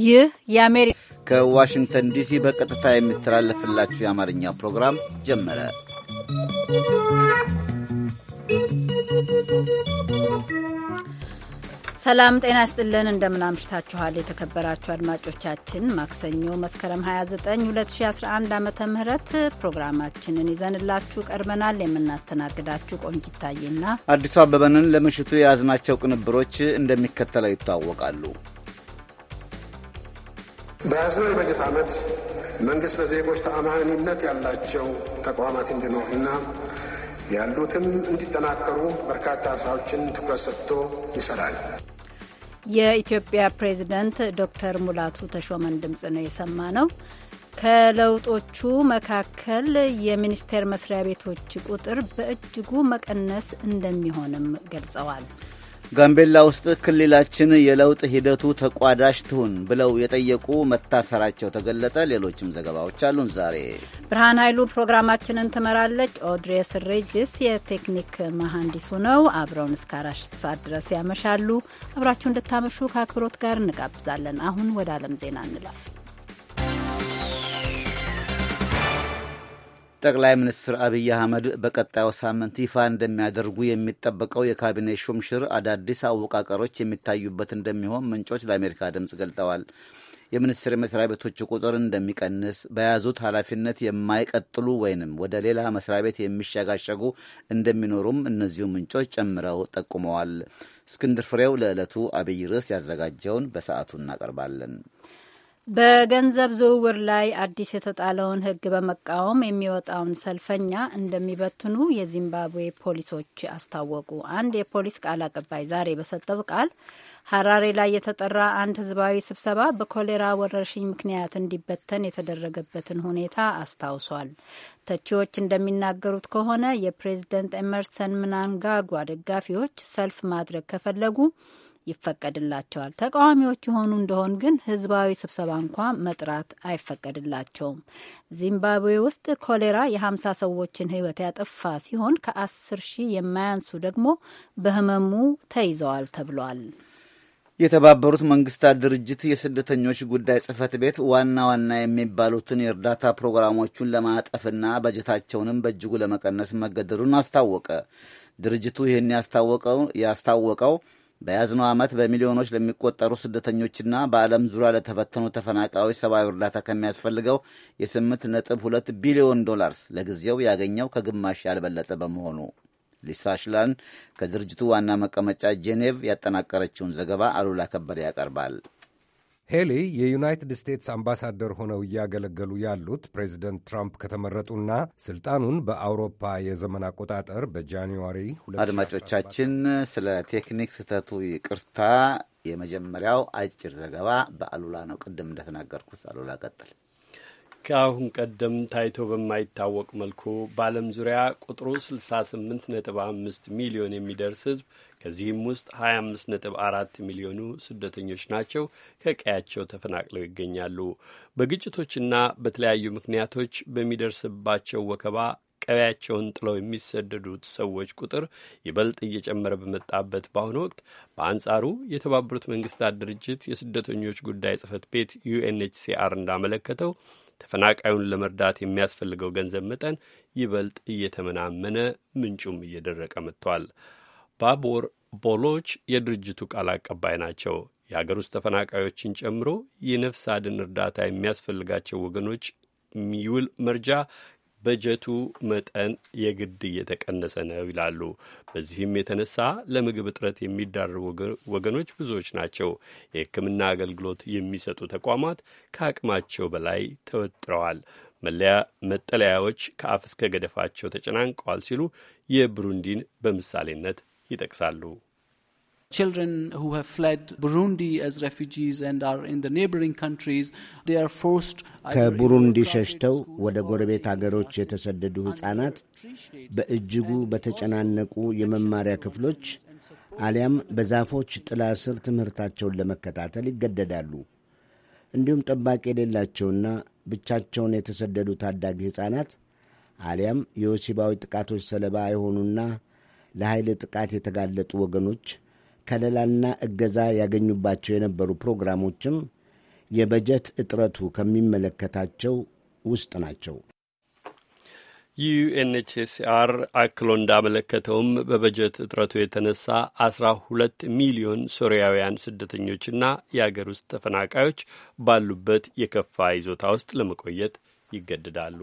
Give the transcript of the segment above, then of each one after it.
ይህ የአሜሪካ ከዋሽንግተን ዲሲ በቀጥታ የሚተላለፍላችሁ የአማርኛ ፕሮግራም ጀመረ። ሰላም ጤና ይስጥልን። አምሽታችኋል የተከበራችሁ አድማጮቻችን። ማክሰኞ መስከረም 29 2011 ዓ ም ፕሮግራማችንን ይዘንላችሁ ቀርበናል። የምናስተናግዳችሁ ቆንጂታዬና አዲሱ አበበንን ለምሽቱ የያዝናቸው ቅንብሮች እንደሚከተለው ይታወቃሉ። በያዝነው የበጀት ዓመት መንግሥት በዜጎች ተአማኒነት ያላቸው ተቋማት እንዲኖሩና ያሉትም እንዲጠናከሩ በርካታ ስራዎችን ትኩረት ሰጥቶ ይሰራል። የኢትዮጵያ ፕሬዝደንት ዶክተር ሙላቱ ተሾመን ድምጽ ነው የሰማ ነው። ከለውጦቹ መካከል የሚኒስቴር መስሪያ ቤቶች ቁጥር በእጅጉ መቀነስ እንደሚሆንም ገልጸዋል። ጋምቤላ ውስጥ ክልላችን የለውጥ ሂደቱ ተቋዳሽ ትሁን ብለው የጠየቁ መታሰራቸው ተገለጠ። ሌሎችም ዘገባዎች አሉን። ዛሬ ብርሃን ኃይሉ ፕሮግራማችንን ትመራለች። ኦድሬስ ሬጅስ የቴክኒክ መሐንዲሱ ነው። አብረውን እስከ አራት ሰዓት ድረስ ያመሻሉ። አብራችሁ እንድታመሹ ከአክብሮት ጋር እንጋብዛለን። አሁን ወደ ዓለም ዜና እንላፍ። ጠቅላይ ሚኒስትር አብይ አህመድ በቀጣዩ ሳምንት ይፋ እንደሚያደርጉ የሚጠበቀው የካቢኔ ሹምሽር አዳዲስ አወቃቀሮች የሚታዩበት እንደሚሆን ምንጮች ለአሜሪካ ድምፅ ገልጠዋል። የሚኒስትር መስሪያ ቤቶች ቁጥር እንደሚቀንስ፣ በያዙት ኃላፊነት የማይቀጥሉ ወይንም ወደ ሌላ መስሪያ ቤት የሚሸጋሸጉ እንደሚኖሩም እነዚሁ ምንጮች ጨምረው ጠቁመዋል። እስክንድር ፍሬው ለዕለቱ አብይ ርዕስ ያዘጋጀውን በሰዓቱ እናቀርባለን። በገንዘብ ዝውውር ላይ አዲስ የተጣለውን ሕግ በመቃወም የሚወጣውን ሰልፈኛ እንደሚበትኑ የዚምባብዌ ፖሊሶች አስታወቁ። አንድ የፖሊስ ቃል አቀባይ ዛሬ በሰጠው ቃል ሀራሬ ላይ የተጠራ አንድ ህዝባዊ ስብሰባ በኮሌራ ወረርሽኝ ምክንያት እንዲበተን የተደረገበትን ሁኔታ አስታውሷል። ተቺዎች እንደሚናገሩት ከሆነ የፕሬዝደንት ኤመርሰን ምናንጋጓ ደጋፊዎች ሰልፍ ማድረግ ከፈለጉ ይፈቀድላቸዋል። ተቃዋሚዎች የሆኑ እንደሆን ግን ህዝባዊ ስብሰባ እንኳ መጥራት አይፈቀድላቸውም። ዚምባብዌ ውስጥ ኮሌራ የሀምሳ ሰዎችን ህይወት ያጠፋ ሲሆን ከአስር ሺህ የማያንሱ ደግሞ በህመሙ ተይዘዋል ተብሏል። የተባበሩት መንግስታት ድርጅት የስደተኞች ጉዳይ ጽህፈት ቤት ዋና ዋና የሚባሉትን የእርዳታ ፕሮግራሞቹን ለማጠፍና በጀታቸውንም በእጅጉ ለመቀነስ መገደዱን አስታወቀ። ድርጅቱ ይህን ያስታወቀው በያዝነው ዓመት በሚሊዮኖች ለሚቆጠሩ ስደተኞችና በዓለም ዙሪያ ለተፈተኑ ተፈናቃዮች ሰብአዊ እርዳታ ከሚያስፈልገው የስምንት ነጥብ ሁለት ቢሊዮን ዶላርስ ለጊዜው ያገኘው ከግማሽ ያልበለጠ በመሆኑ ሊሳ ሽላን ከድርጅቱ ዋና መቀመጫ ጄኔቭ ያጠናቀረችውን ዘገባ አሉላ ከበደ ያቀርባል። ሄሊ የዩናይትድ ስቴትስ አምባሳደር ሆነው እያገለገሉ ያሉት ፕሬዚደንት ትራምፕ ከተመረጡና ስልጣኑን በአውሮፓ የዘመን አቆጣጠር በጃንዋሪ አድማጮቻችን፣ ስለ ቴክኒክ ስህተቱ ይቅርታ። የመጀመሪያው አጭር ዘገባ በአሉላ ነው። ቅድም እንደተናገርኩት አሉላ ቀጥል። ከአሁን ቀደም ታይቶ በማይታወቅ መልኩ በዓለም ዙሪያ ቁጥሩ 68.5 ሚሊዮን የሚደርስ ሕዝብ ከዚህም ውስጥ 25.4 ሚሊዮኑ ስደተኞች ናቸው፣ ከቀያቸው ተፈናቅለው ይገኛሉ። በግጭቶችና በተለያዩ ምክንያቶች በሚደርስባቸው ወከባ ቀያቸውን ጥለው የሚሰደዱት ሰዎች ቁጥር ይበልጥ እየጨመረ በመጣበት በአሁኑ ወቅት በአንጻሩ የተባበሩት መንግስታት ድርጅት የስደተኞች ጉዳይ ጽህፈት ቤት ዩኤንኤችሲአር እንዳመለከተው ተፈናቃዩን ለመርዳት የሚያስፈልገው ገንዘብ መጠን ይበልጥ እየተመናመነ ምንጩም እየደረቀ መጥቷል። ባቦር ቦሎች የድርጅቱ ቃል አቀባይ ናቸው። የሀገር ውስጥ ተፈናቃዮችን ጨምሮ የነፍስ አድን እርዳታ የሚያስፈልጋቸው ወገኖች የሚውል መርጃ በጀቱ መጠን የግድ እየተቀነሰ ነው ይላሉ። በዚህም የተነሳ ለምግብ እጥረት የሚዳርጉ ወገኖች ብዙዎች ናቸው። የሕክምና አገልግሎት የሚሰጡ ተቋማት ከአቅማቸው በላይ ተወጥረዋል። መለያ መጠለያዎች ከአፍ እስከ ገደፋቸው ተጨናንቀዋል ሲሉ የብሩንዲን በምሳሌነት ይጠቅሳሉ። children who have fled Burundi as refugees and are in the neighboring countries, they are forced ከቡሩንዲ ሸሽተው ወደ ጎረቤት አገሮች የተሰደዱ ሕፃናት በእጅጉ በተጨናነቁ የመማሪያ ክፍሎች አሊያም በዛፎች ጥላ ስር ትምህርታቸውን ለመከታተል ይገደዳሉ። እንዲሁም ጠባቂ የሌላቸውና ብቻቸውን የተሰደዱ ታዳጊ ሕፃናት አሊያም የወሲባዊ ጥቃቶች ሰለባ የሆኑና ለኃይል ጥቃት የተጋለጡ ወገኖች ከለላና እገዛ ያገኙባቸው የነበሩ ፕሮግራሞችም የበጀት እጥረቱ ከሚመለከታቸው ውስጥ ናቸው። ዩኤንኤችሲአር አክሎ እንዳመለከተውም በበጀት እጥረቱ የተነሳ አስራ ሁለት ሚሊዮን ሶሪያውያን ስደተኞችና የአገር ውስጥ ተፈናቃዮች ባሉበት የከፋ ይዞታ ውስጥ ለመቆየት ይገደዳሉ።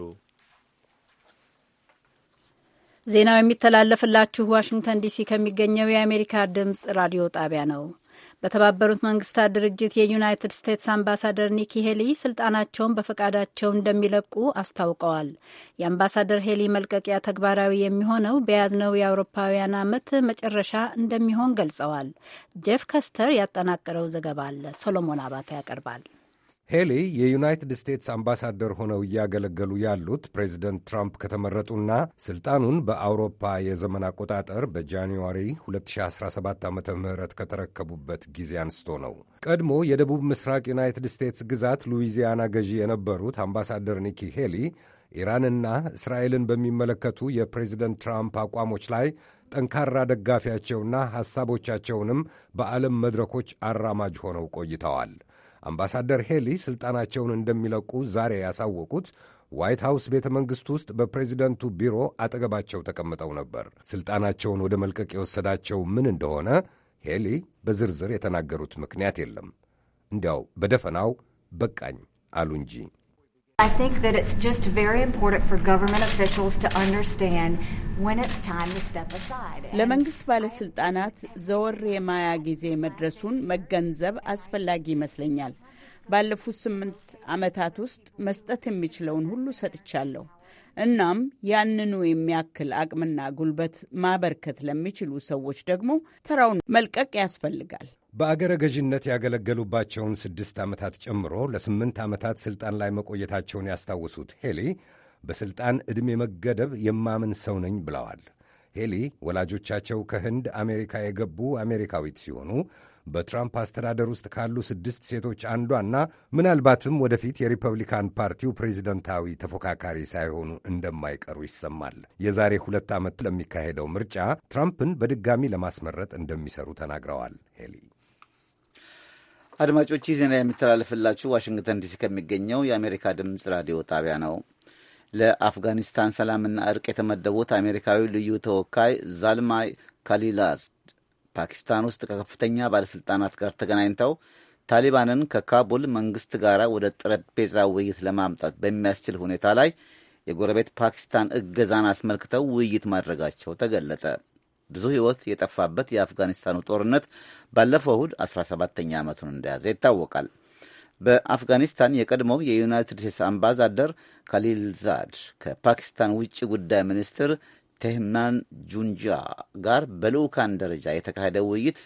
ዜናው የሚተላለፍላችሁ ዋሽንግተን ዲሲ ከሚገኘው የአሜሪካ ድምፅ ራዲዮ ጣቢያ ነው። በተባበሩት መንግስታት ድርጅት የዩናይትድ ስቴትስ አምባሳደር ኒኪ ሄሊ ስልጣናቸውን በፈቃዳቸው እንደሚለቁ አስታውቀዋል። የአምባሳደር ሄሊ መልቀቂያ ተግባራዊ የሚሆነው በያዝነው የአውሮፓውያን ዓመት መጨረሻ እንደሚሆን ገልጸዋል። ጄፍ ከስተር ያጠናቀረው ዘገባ አለ። ሶሎሞን አባተ ያቀርባል። ሄሊ የዩናይትድ ስቴትስ አምባሳደር ሆነው እያገለገሉ ያሉት ፕሬዚደንት ትራምፕ ከተመረጡና ስልጣኑን በአውሮፓ የዘመን አቆጣጠር በጃንዋሪ 2017 ዓ ም ከተረከቡበት ጊዜ አንስቶ ነው። ቀድሞ የደቡብ ምስራቅ ዩናይትድ ስቴትስ ግዛት ሉዊዚያና ገዢ የነበሩት አምባሳደር ኒኪ ሄሊ ኢራንና እስራኤልን በሚመለከቱ የፕሬዚደንት ትራምፕ አቋሞች ላይ ጠንካራ ደጋፊያቸውና ሐሳቦቻቸውንም በዓለም መድረኮች አራማጅ ሆነው ቆይተዋል። አምባሳደር ሄሊ ሥልጣናቸውን እንደሚለቁ ዛሬ ያሳወቁት ዋይት ሃውስ ቤተ መንግሥት ውስጥ በፕሬዚደንቱ ቢሮ አጠገባቸው ተቀምጠው ነበር። ሥልጣናቸውን ወደ መልቀቅ የወሰዳቸው ምን እንደሆነ ሄሊ በዝርዝር የተናገሩት ምክንያት የለም። እንዲያው በደፈናው በቃኝ አሉ እንጂ I think that it's just very important for government officials to understand when it's time to step aside. ለመንግስት ባለስልጣናት ዘወር የማያ ጊዜ መድረሱን መገንዘብ አስፈላጊ ይመስለኛል። ባለፉት ስምንት ዓመታት ውስጥ መስጠት የሚችለውን ሁሉ ሰጥቻለሁ። እናም ያንኑ የሚያክል አቅምና ጉልበት ማበርከት ለሚችሉ ሰዎች ደግሞ ተራውን መልቀቅ ያስፈልጋል። በአገረ ገዥነት ያገለገሉባቸውን ስድስት ዓመታት ጨምሮ ለስምንት ዓመታት ሥልጣን ላይ መቆየታቸውን ያስታወሱት ሄሊ በሥልጣን ዕድሜ መገደብ የማምን ሰው ነኝ ብለዋል። ሄሊ ወላጆቻቸው ከህንድ አሜሪካ የገቡ አሜሪካዊት ሲሆኑ በትራምፕ አስተዳደር ውስጥ ካሉ ስድስት ሴቶች አንዷና ምናልባትም ወደፊት የሪፐብሊካን ፓርቲው ፕሬዚደንታዊ ተፎካካሪ ሳይሆኑ እንደማይቀሩ ይሰማል። የዛሬ ሁለት ዓመት ለሚካሄደው ምርጫ ትራምፕን በድጋሚ ለማስመረጥ እንደሚሰሩ ተናግረዋል ሄሊ አድማጮች ዜና የሚተላለፍላችሁ ዋሽንግተን ዲሲ ከሚገኘው የአሜሪካ ድምፅ ራዲዮ ጣቢያ ነው። ለአፍጋኒስታን ሰላምና እርቅ የተመደቡት አሜሪካዊ ልዩ ተወካይ ዛልማይ ካሊላስ ፓኪስታን ውስጥ ከከፍተኛ ባለሥልጣናት ጋር ተገናኝተው ታሊባንን ከካቡል መንግሥት ጋር ወደ ጠረጴዛ ውይይት ለማምጣት በሚያስችል ሁኔታ ላይ የጎረቤት ፓኪስታን እገዛን አስመልክተው ውይይት ማድረጋቸው ተገለጠ። ብዙ ሕይወት የጠፋበት የአፍጋኒስታኑ ጦርነት ባለፈው እሁድ 17ኛ ዓመቱን እንደያዘ ይታወቃል። በአፍጋኒስታን የቀድሞው የዩናይትድ ስቴትስ አምባሳደር ካሊልዛድ ከፓኪስታን ውጭ ጉዳይ ሚኒስትር ቴህማን ጁንጃ ጋር በልዑካን ደረጃ የተካሄደ ውይይት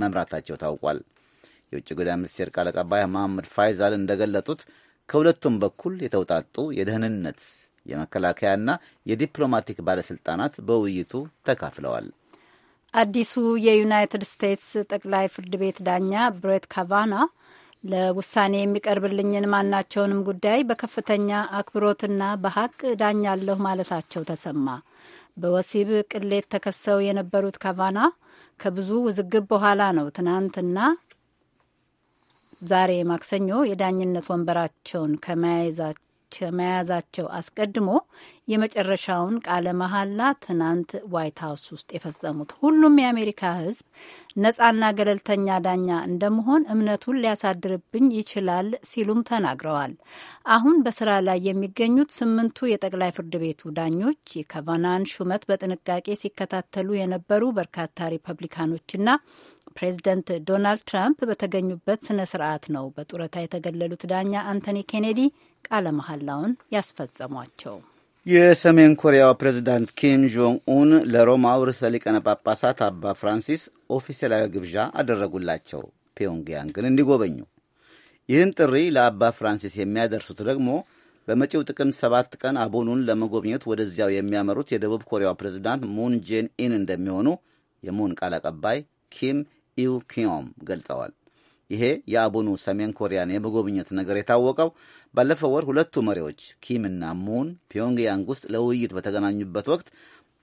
መምራታቸው ታውቋል። የውጭ ጉዳይ ሚኒስቴር ቃል አቀባይ መሐመድ ፋይዛል እንደገለጡት ከሁለቱም በኩል የተውጣጡ የደህንነት የመከላከያና የዲፕሎማቲክ ባለስልጣናት በውይይቱ ተካፍለዋል። አዲሱ የዩናይትድ ስቴትስ ጠቅላይ ፍርድ ቤት ዳኛ ብሬት ካቫና ለውሳኔ የሚቀርብልኝን ማናቸውንም ጉዳይ በከፍተኛ አክብሮትና በሀቅ ዳኛለሁ ማለታቸው ተሰማ። በወሲብ ቅሌት ተከሰው የነበሩት ካቫና ከብዙ ውዝግብ በኋላ ነው ትናንትና ዛሬ ማክሰኞ የዳኝነት ወንበራቸውን ከመያይዛቸው ከመያዛቸው አስቀድሞ የመጨረሻውን ቃለ መሐላ ትናንት ዋይት ሀውስ ውስጥ የፈጸሙት ሁሉም የአሜሪካ ሕዝብ ነጻና ገለልተኛ ዳኛ እንደመሆን እምነቱን ሊያሳድርብኝ ይችላል ሲሉም ተናግረዋል። አሁን በስራ ላይ የሚገኙት ስምንቱ የጠቅላይ ፍርድ ቤቱ ዳኞች የካቫናን ሹመት በጥንቃቄ ሲከታተሉ የነበሩ በርካታ ሪፐብሊካኖችና ፕሬዚደንት ዶናልድ ትራምፕ በተገኙበት ስነ ስርዓት ነው በጡረታ የተገለሉት ዳኛ አንቶኒ ኬኔዲ ቃለ መሐላውን ያስፈጸሟቸው። የሰሜን ኮሪያው ፕሬዚዳንት ኪም ጆንግ ኡን ለሮማው ርዕሰ ሊቀነ ጳጳሳት አባ ፍራንሲስ ኦፊሴላዊ ግብዣ አደረጉላቸው። ፒዮንግያንግን እንዲጎበኙ ይህን ጥሪ ለአባ ፍራንሲስ የሚያደርሱት ደግሞ በመጪው ጥቅምት ሰባት ቀን አቡኑን ለመጎብኘት ወደዚያው የሚያመሩት የደቡብ ኮሪያው ፕሬዚዳንት ሙን ጄን ኢን እንደሚሆኑ የሙን ቃል አቀባይ ኪም ኢውኪዮም ገልጸዋል። ይሄ የአቡኑ ሰሜን ኮሪያን የመጎብኘት ነገር የታወቀው ባለፈው ወር ሁለቱ መሪዎች ኪምና ሙን ፒዮንግያንግ ውስጥ ለውይይት በተገናኙበት ወቅት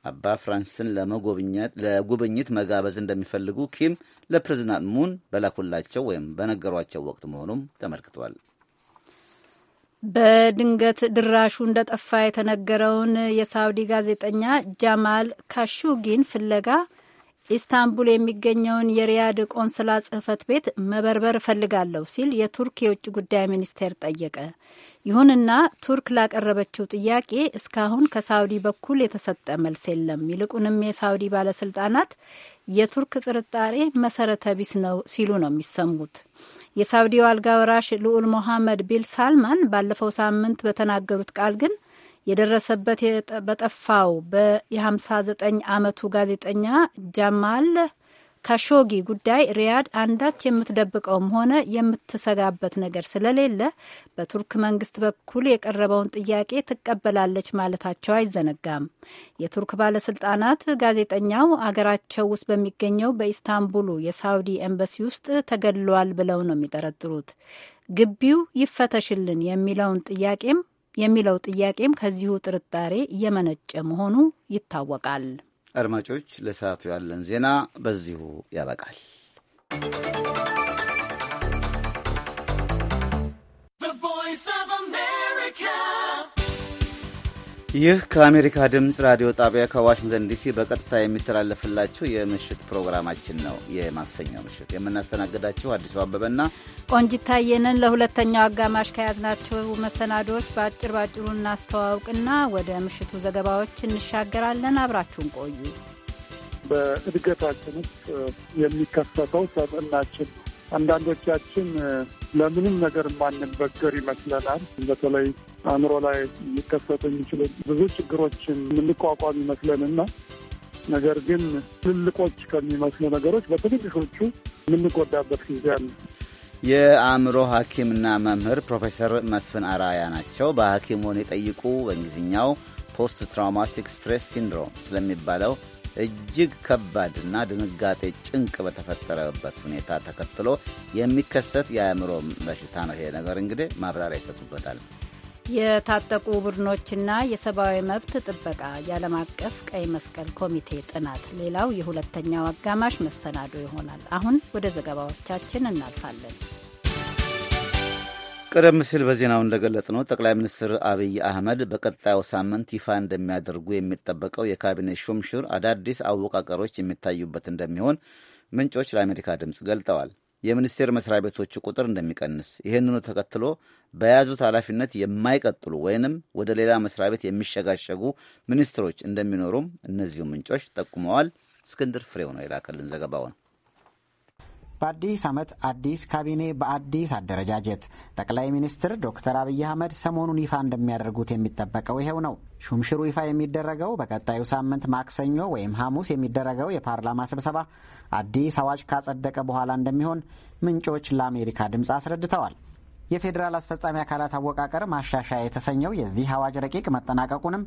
አባ ፍራንስን ለጉብኝት መጋበዝ እንደሚፈልጉ ኪም ለፕሬዝዳንት ሙን በላኩላቸው ወይም በነገሯቸው ወቅት መሆኑም ተመልክቷል። በድንገት ድራሹ እንደጠፋ የተነገረውን የሳውዲ ጋዜጠኛ ጃማል ካሹጊን ፍለጋ ኢስታንቡል የሚገኘውን የሪያድ ቆንስላ ጽህፈት ቤት መበርበር እፈልጋለሁ ሲል የቱርክ የውጭ ጉዳይ ሚኒስቴር ጠየቀ። ይሁንና ቱርክ ላቀረበችው ጥያቄ እስካሁን ከሳውዲ በኩል የተሰጠ መልስ የለም። ይልቁንም የሳውዲ ባለስልጣናት የቱርክ ጥርጣሬ መሰረተ ቢስ ነው ሲሉ ነው የሚሰሙት። የሳውዲው አልጋ ወራሽ ልዑል ሞሐመድ ቢል ሳልማን ባለፈው ሳምንት በተናገሩት ቃል ግን የደረሰበት በጠፋው የ59 ዓመቱ ጋዜጠኛ ጃማል ካሾጊ ጉዳይ ሪያድ አንዳች የምትደብቀውም ሆነ የምትሰጋበት ነገር ስለሌለ በቱርክ መንግስት በኩል የቀረበውን ጥያቄ ትቀበላለች ማለታቸው አይዘነጋም። የቱርክ ባለስልጣናት ጋዜጠኛው አገራቸው ውስጥ በሚገኘው በኢስታንቡሉ የሳውዲ ኤምባሲ ውስጥ ተገድሏል ብለው ነው የሚጠረጥሩት። ግቢው ይፈተሽልን የሚለውን ጥያቄም የሚለው ጥያቄም ከዚሁ ጥርጣሬ የመነጨ መሆኑ ይታወቃል። አድማጮች፣ ለሰዓቱ ያለን ዜና በዚሁ ያበቃል። ይህ ከአሜሪካ ድምፅ ራዲዮ ጣቢያ ከዋሽንግተን ዲሲ በቀጥታ የሚተላለፍላችሁ የምሽት ፕሮግራማችን ነው። የማክሰኞ ምሽት የምናስተናግዳችሁ አዲሱ አበበና ቆንጂት ታየንን። ለሁለተኛው አጋማሽ ከያዝናቸው መሰናዶዎች በአጭር ባጭሩ እናስተዋውቅና ወደ ምሽቱ ዘገባዎች እንሻገራለን። አብራችሁን ቆዩ። በእድገታችን ውስጥ የሚከሰተው ተጽዕናችን አንዳንዶቻችን ለምንም ነገር የማንበገር ይመስለናል። በተለይ አእምሮ ላይ ሊከሰቱ የሚችሉ ብዙ ችግሮችን የምንቋቋም ይመስለንና ነገር ግን ትልቆች ከሚመስሉ ነገሮች በትንሾቹ የምንጎዳበት ጊዜ አለ። የአእምሮ ሐኪምና መምህር ፕሮፌሰር መስፍን አራያ ናቸው። በሐኪሙን የጠይቁ በእንግሊዝኛው ፖስት ትራውማቲክ ስትሬስ ሲንድሮም ስለሚባለው እጅግ ከባድና ድንጋጤ ጭንቅ በተፈጠረበት ሁኔታ ተከትሎ የሚከሰት የአእምሮ በሽታ ነው። ይሄ ነገር እንግዲህ ማብራሪያ ይሰጡበታል። የታጠቁ ቡድኖችና የሰብአዊ መብት ጥበቃ የዓለም አቀፍ ቀይ መስቀል ኮሚቴ ጥናት ሌላው የሁለተኛው አጋማሽ መሰናዶ ይሆናል። አሁን ወደ ዘገባዎቻችን እናልፋለን። ቀደም ሲል በዜናው ነው። ጠቅላይ ሚኒስትር አብይ አህመድ በቀጣዩ ሳምንት ይፋ እንደሚያደርጉ የሚጠበቀው የካቢኔ ሹምሽር አዳዲስ አወቃቀሮች የሚታዩበት እንደሚሆን ምንጮች ለአሜሪካ ድምፅ ገልጠዋል። የሚኒስቴር መስሪያ ቤቶቹ ቁጥር እንደሚቀንስ፣ ይህንኑ ተከትሎ በያዙት ኃላፊነት የማይቀጥሉ ወይንም ወደ ሌላ መስሪያ ቤት የሚሸጋሸጉ ሚኒስትሮች እንደሚኖሩም እነዚሁ ምንጮች ጠቁመዋል። እስክንድር ፍሬው ነው የላከልን ዘገባውን። በአዲስ ዓመት አዲስ ካቢኔ በአዲስ አደረጃጀት ጠቅላይ ሚኒስትር ዶክተር አብይ አህመድ ሰሞኑን ይፋ እንደሚያደርጉት የሚጠበቀው ይኸው ነው። ሹምሽሩ ይፋ የሚደረገው በቀጣዩ ሳምንት ማክሰኞ ወይም ሐሙስ የሚደረገው የፓርላማ ስብሰባ አዲስ አዋጅ ካጸደቀ በኋላ እንደሚሆን ምንጮች ለአሜሪካ ድምፅ አስረድተዋል። የፌዴራል አስፈጻሚ አካላት አወቃቀር ማሻሻያ የተሰኘው የዚህ አዋጅ ረቂቅ መጠናቀቁንም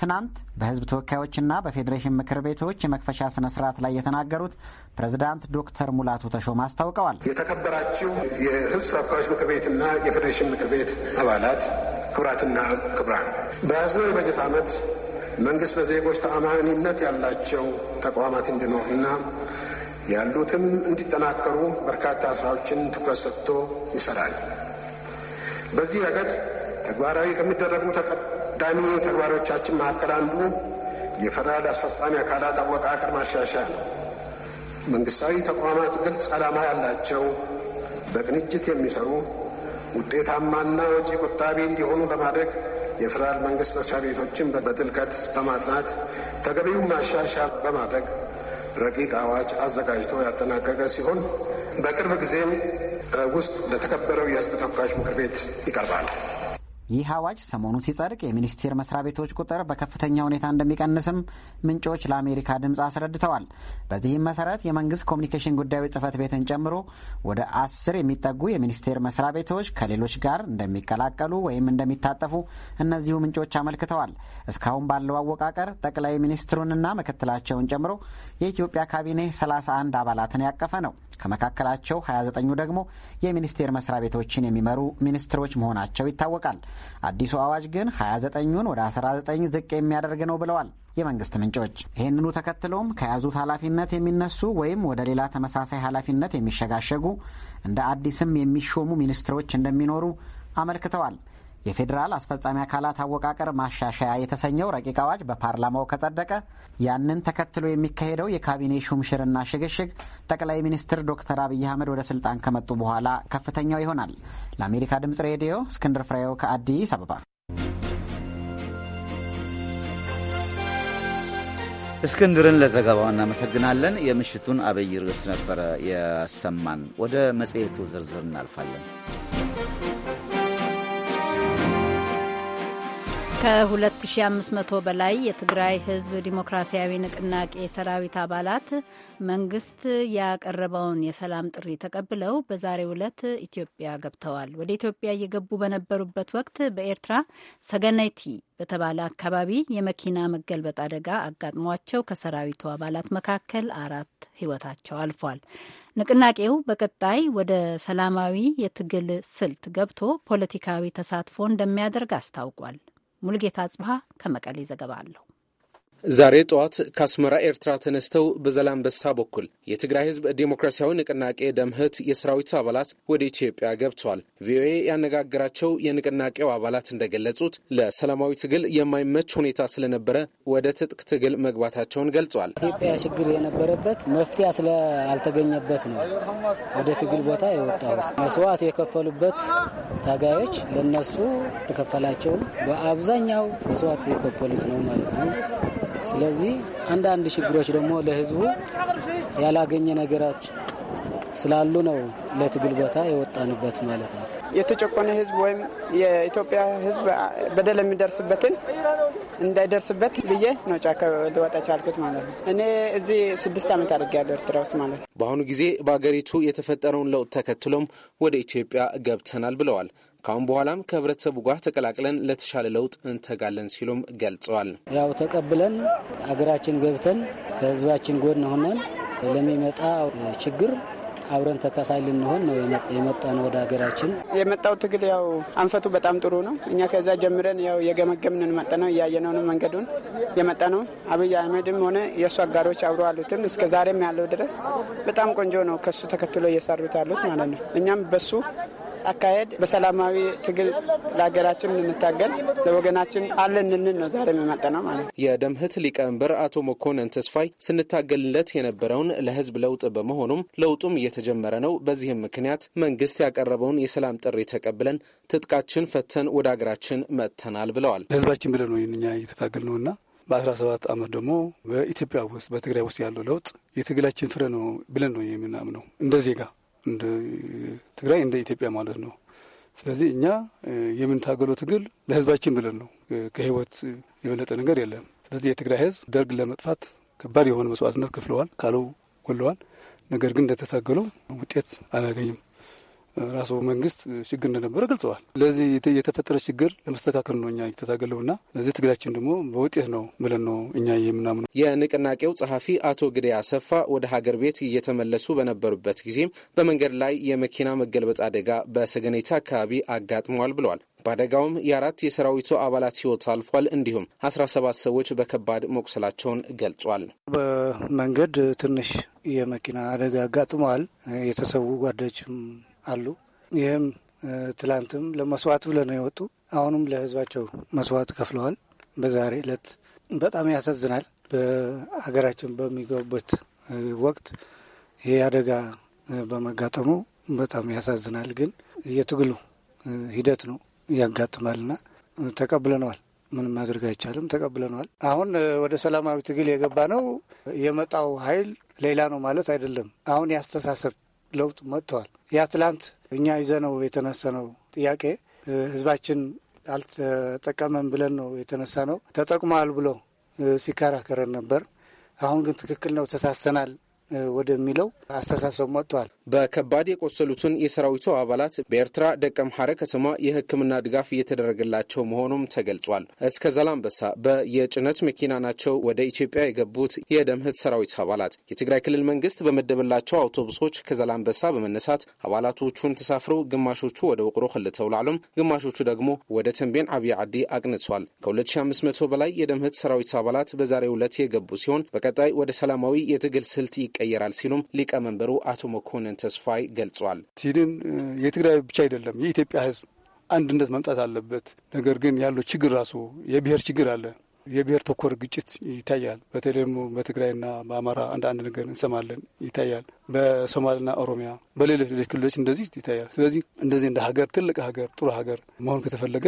ትናንት በህዝብ ተወካዮችና በፌዴሬሽን ምክር ቤቶች የመክፈቻ ስነ ስርዓት ላይ የተናገሩት ፕሬዝዳንት ዶክተር ሙላቱ ተሾም አስታውቀዋል። የተከበራችሁ የህዝብ ተወካዮች ምክር ቤትና የፌዴሬሽን ምክር ቤት አባላት ክብራትና ክቡራን በያዝነው የበጀት ዓመት መንግስት በዜጎች ተአማኒነት ያላቸው ተቋማት እንዲኖሩና ያሉትም እንዲጠናከሩ በርካታ ስራዎችን ትኩረት ሰጥቶ ይሰራል። በዚህ ረገድ ተግባራዊ ከሚደረጉ ተቀዳሚ ተግባሮቻችን መካከል አንዱ የፌደራል አስፈጻሚ አካላት አወቃቀር ማሻሻያ ነው። መንግስታዊ ተቋማት ግልጽ ዓላማ ያላቸው፣ በቅንጅት የሚሰሩ ውጤታማና ወጪ ቆጣቢ እንዲሆኑ ለማድረግ የፌደራል መንግስት መስሪያ ቤቶችን በጥልቀት በማጥናት ተገቢውን ማሻሻያ በማድረግ ረቂቅ አዋጅ አዘጋጅቶ ያጠናቀቀ ሲሆን በቅርብ ጊዜም ውስጥ ለተከበረው የህዝብ ተወካዮች ምክር ቤት ይቀርባል። ይህ አዋጅ ሰሞኑን ሲጸድቅ የሚኒስቴር መስሪያ ቤቶች ቁጥር በከፍተኛ ሁኔታ እንደሚቀንስም ምንጮች ለአሜሪካ ድምፅ አስረድተዋል። በዚህም መሰረት የመንግስት ኮሚኒኬሽን ጉዳዮች ጽህፈት ቤትን ጨምሮ ወደ አስር የሚጠጉ የሚኒስቴር መስሪያ ቤቶች ከሌሎች ጋር እንደሚቀላቀሉ ወይም እንደሚታጠፉ እነዚሁ ምንጮች አመልክተዋል። እስካሁን ባለው አወቃቀር ጠቅላይ ሚኒስትሩንና ምክትላቸውን ጨምሮ የኢትዮጵያ ካቢኔ 31 አባላትን ያቀፈ ነው። ከመካከላቸው 29ኙ ደግሞ የሚኒስቴር መስሪያ ቤቶችን የሚመሩ ሚኒስትሮች መሆናቸው ይታወቃል። አዲሱ አዋጅ ግን 29ኙን ወደ 19 ዝቅ የሚያደርግ ነው ብለዋል የመንግስት ምንጮች። ይህንኑ ተከትሎም ከያዙት ኃላፊነት የሚነሱ ወይም ወደ ሌላ ተመሳሳይ ኃላፊነት የሚሸጋሸጉ እንደ አዲስም የሚሾሙ ሚኒስትሮች እንደሚኖሩ አመልክተዋል። የፌዴራል አስፈጻሚ አካላት አወቃቀር ማሻሻያ የተሰኘው ረቂቅ አዋጅ በፓርላማው ከጸደቀ ያንን ተከትሎ የሚካሄደው የካቢኔ ሹምሽርና ሽግሽግ ጠቅላይ ሚኒስትር ዶክተር አብይ አህመድ ወደ ስልጣን ከመጡ በኋላ ከፍተኛው ይሆናል። ለአሜሪካ ድምጽ ሬዲዮ እስክንድር ፍሬው ከአዲስ አበባ። እስክንድርን ለዘገባው እናመሰግናለን። የምሽቱን አብይ ርዕስ ነበረ ያሰማን። ወደ መጽሔቱ ዝርዝር እናልፋለን። ከ2500 በላይ የትግራይ ሕዝብ ዲሞክራሲያዊ ንቅናቄ ሰራዊት አባላት መንግስት ያቀረበውን የሰላም ጥሪ ተቀብለው በዛሬው ዕለት ኢትዮጵያ ገብተዋል። ወደ ኢትዮጵያ እየገቡ በነበሩበት ወቅት በኤርትራ ሰገነቲ በተባለ አካባቢ የመኪና መገልበጥ አደጋ አጋጥሟቸው ከሰራዊቱ አባላት መካከል አራት ሕይወታቸው አልፏል። ንቅናቄው በቀጣይ ወደ ሰላማዊ የትግል ስልት ገብቶ ፖለቲካዊ ተሳትፎ እንደሚያደርግ አስታውቋል። ሙልጌታ አጽብሃ ከመቀሌ ዘገባ አለሁ። ዛሬ ጠዋት ከአስመራ ኤርትራ ተነስተው በዘላንበሳ በኩል የትግራይ ህዝብ ዴሞክራሲያዊ ንቅናቄ ደምህት የሰራዊት አባላት ወደ ኢትዮጵያ ገብተዋል። ቪኦኤ ያነጋገራቸው የንቅናቄው አባላት እንደገለጹት ለሰላማዊ ትግል የማይመች ሁኔታ ስለነበረ ወደ ትጥቅ ትግል መግባታቸውን ገልጿል። ኢትዮጵያ ችግር የነበረበት መፍትያ ስለአልተገኘበት ነው ወደ ትግል ቦታ የወጣሁት። መስዋዕት የከፈሉበት ታጋዮች ለነሱ ተከፈላቸውም በአብዛኛው መስዋዕት የከፈሉት ነው ማለት ነው ስለዚህ አንዳንድ ችግሮች ደግሞ ለህዝቡ ያላገኘ ነገራች ስላሉ ነው ለትግል ቦታ የወጣንበት ማለት ነው። የተጨቆነ ህዝብ ወይም የኢትዮጵያ ህዝብ በደል የሚደርስበትን እንዳይደርስበት ብዬ ነው ጫካ ልወጣ ቻልኩት ማለት ነው። እኔ እዚህ ስድስት ዓመት አድርጌያለሁ ኤርትራ ውስጥ ማለት ነው። በአሁኑ ጊዜ በሀገሪቱ የተፈጠረውን ለውጥ ተከትሎም ወደ ኢትዮጵያ ገብተናል ብለዋል ከአሁን በኋላም ከህብረተሰቡ ጋር ተቀላቅለን ለተሻለ ለውጥ እንተጋለን ሲሉም ገልጸዋል። ያው ተቀብለን አገራችን ገብተን ከህዝባችን ጎን ሆነን ለሚመጣ ችግር አብረን ተካፋይ ልንሆን ነው የመጣ ነው ወደ ሀገራችን የመጣው ትግል ያው አንፈቱ በጣም ጥሩ ነው። እኛ ከዛ ጀምረን ያው የገመገምንን መጠ ነው እያየነውን መንገዱን የመጣ ነው። አብይ አህመድም ሆነ የእሱ አጋሮች አብሮ አሉትም እስከ ዛሬም ያለው ድረስ በጣም ቆንጆ ነው። ከሱ ተከትሎ እየሰሩት አሉት ማለት ነው። እኛም በሱ አካሄድ በሰላማዊ ትግል ለሀገራችን እንታገል ለወገናችን አለን እንል ነው ዛሬ የሚመጣ ነው ማለት ነው። የደምህት ሊቀመንበር አቶ መኮንን ተስፋይ ስንታገልለት የነበረውን ለህዝብ ለውጥ በመሆኑም ለውጡም እየተጀመረ ነው። በዚህም ምክንያት መንግስት ያቀረበውን የሰላም ጥሪ ተቀብለን ትጥቃችን ፈተን ወደ ሀገራችን መጥተናል ብለዋል። ለህዝባችን ብለን ነው እኛ እየተታገል ነው እና በአስራ ሰባት አመት ደግሞ በኢትዮጵያ ውስጥ በትግራይ ውስጥ ያለው ለውጥ የትግላችን ፍሬ ነው ብለን ነው የምናምነው እንደ ዜጋ ትግራይ እንደ ኢትዮጵያ ማለት ነው። ስለዚህ እኛ የምንታገለው ትግል ለህዝባችን ብለን ነው። ከህይወት የበለጠ ነገር የለም። ስለዚህ የትግራይ ህዝብ ደርግ ለመጥፋት ከባድ የሆነ መስዋዕትነት ከፍለዋል፣ ካለው ወለዋል። ነገር ግን እንደተታገለው ውጤት አላገኝም። ራሱ መንግስት ችግር እንደነበረ ገልጸዋል። ለዚህ የተፈጠረ ችግር ለመስተካከል ነው እኛ የተታገለውና እዚህ ትግላችን ደግሞ በውጤት ነው ብለን ነው እኛ የምናምኑ። የንቅናቄው ጸሐፊ አቶ ግደይ አሰፋ ወደ ሀገር ቤት እየተመለሱ በነበሩበት ጊዜ በመንገድ ላይ የመኪና መገልበጥ አደጋ በሰገኔታ አካባቢ አጋጥመዋል ብለዋል። በአደጋውም የአራት የሰራዊቱ አባላት ህይወት አልፏል። እንዲሁም አስራ ሰባት ሰዎች በከባድ መቁሰላቸውን ገልጿል። በመንገድ ትንሽ የመኪና አደጋ አጋጥመዋል። የተሰዉ ጓደኞችም አሉ። ይህም ትላንትም ለመስዋዕት ብለ ነው የወጡ። አሁንም ለህዝባቸው መስዋዕት ከፍለዋል። በዛሬ ዕለት በጣም ያሳዝናል። በሀገራችን በሚገቡበት ወቅት ይህ አደጋ በመጋጠሙ በጣም ያሳዝናል። ግን የትግሉ ሂደት ነው ያጋጥማልና ተቀብለነዋል። ምንም ማድረግ አይቻልም። ተቀብለነዋል። አሁን ወደ ሰላማዊ ትግል የገባ ነው። የመጣው ኃይል ሌላ ነው ማለት አይደለም። አሁን ያስተሳሰብ ለውጥ መጥተዋል። ያ ትላንት እኛ ይዘነው የተነሰነው ጥያቄ ህዝባችን አልተጠቀመም ብለን ነው የተነሳ ነው። ተጠቅሟል ብሎ ሲከራከረን ነበር። አሁን ግን ትክክል ነው ተሳስተናል ወደሚለው አስተሳሰብ መጥቷል። በከባድ የቆሰሉትን የሰራዊቱ አባላት በኤርትራ ደቀ መሐረ ከተማ የሕክምና ድጋፍ እየተደረገላቸው መሆኑም ተገልጿል። እስከ ዛላምበሳ በየጭነት መኪና ናቸው ወደ ኢትዮጵያ የገቡት የደምህት ሰራዊት አባላት። የትግራይ ክልል መንግስት በመደበላቸው አውቶቡሶች በሳ በመነሳት አባላቶቹን ተሳፍረው ግማሾቹ ወደ ውቅሮ ክልተውላሉም፣ ግማሾቹ ደግሞ ወደ ተንቤን አብይ ዓዲ አቅንቷል። ከ2500 በላይ የደምህት ሰራዊት አባላት በዛሬው ዕለት የገቡ ሲሆን በቀጣይ ወደ ሰላማዊ የትግል ስልት ይቀየራል ሲሉም ሊቀመንበሩ አቶ መኮንን ተስፋይ ገልጿል። ሲድን የትግራይ ብቻ አይደለም የኢትዮጵያ ህዝብ አንድነት መምጣት አለበት። ነገር ግን ያለው ችግር ራሱ የብሔር ችግር አለ። የብሔር ተኮር ግጭት ይታያል። በተለይ ደግሞ በትግራይና በአማራ አንዳንድ ነገር እንሰማለን ይታያል። በሶማሌና ኦሮሚያ፣ በሌሎች ሌሎች ክልሎች እንደዚህ ይታያል። ስለዚህ እንደዚህ እንደ ሀገር ትልቅ ሀገር ጥሩ ሀገር መሆን ከተፈለገ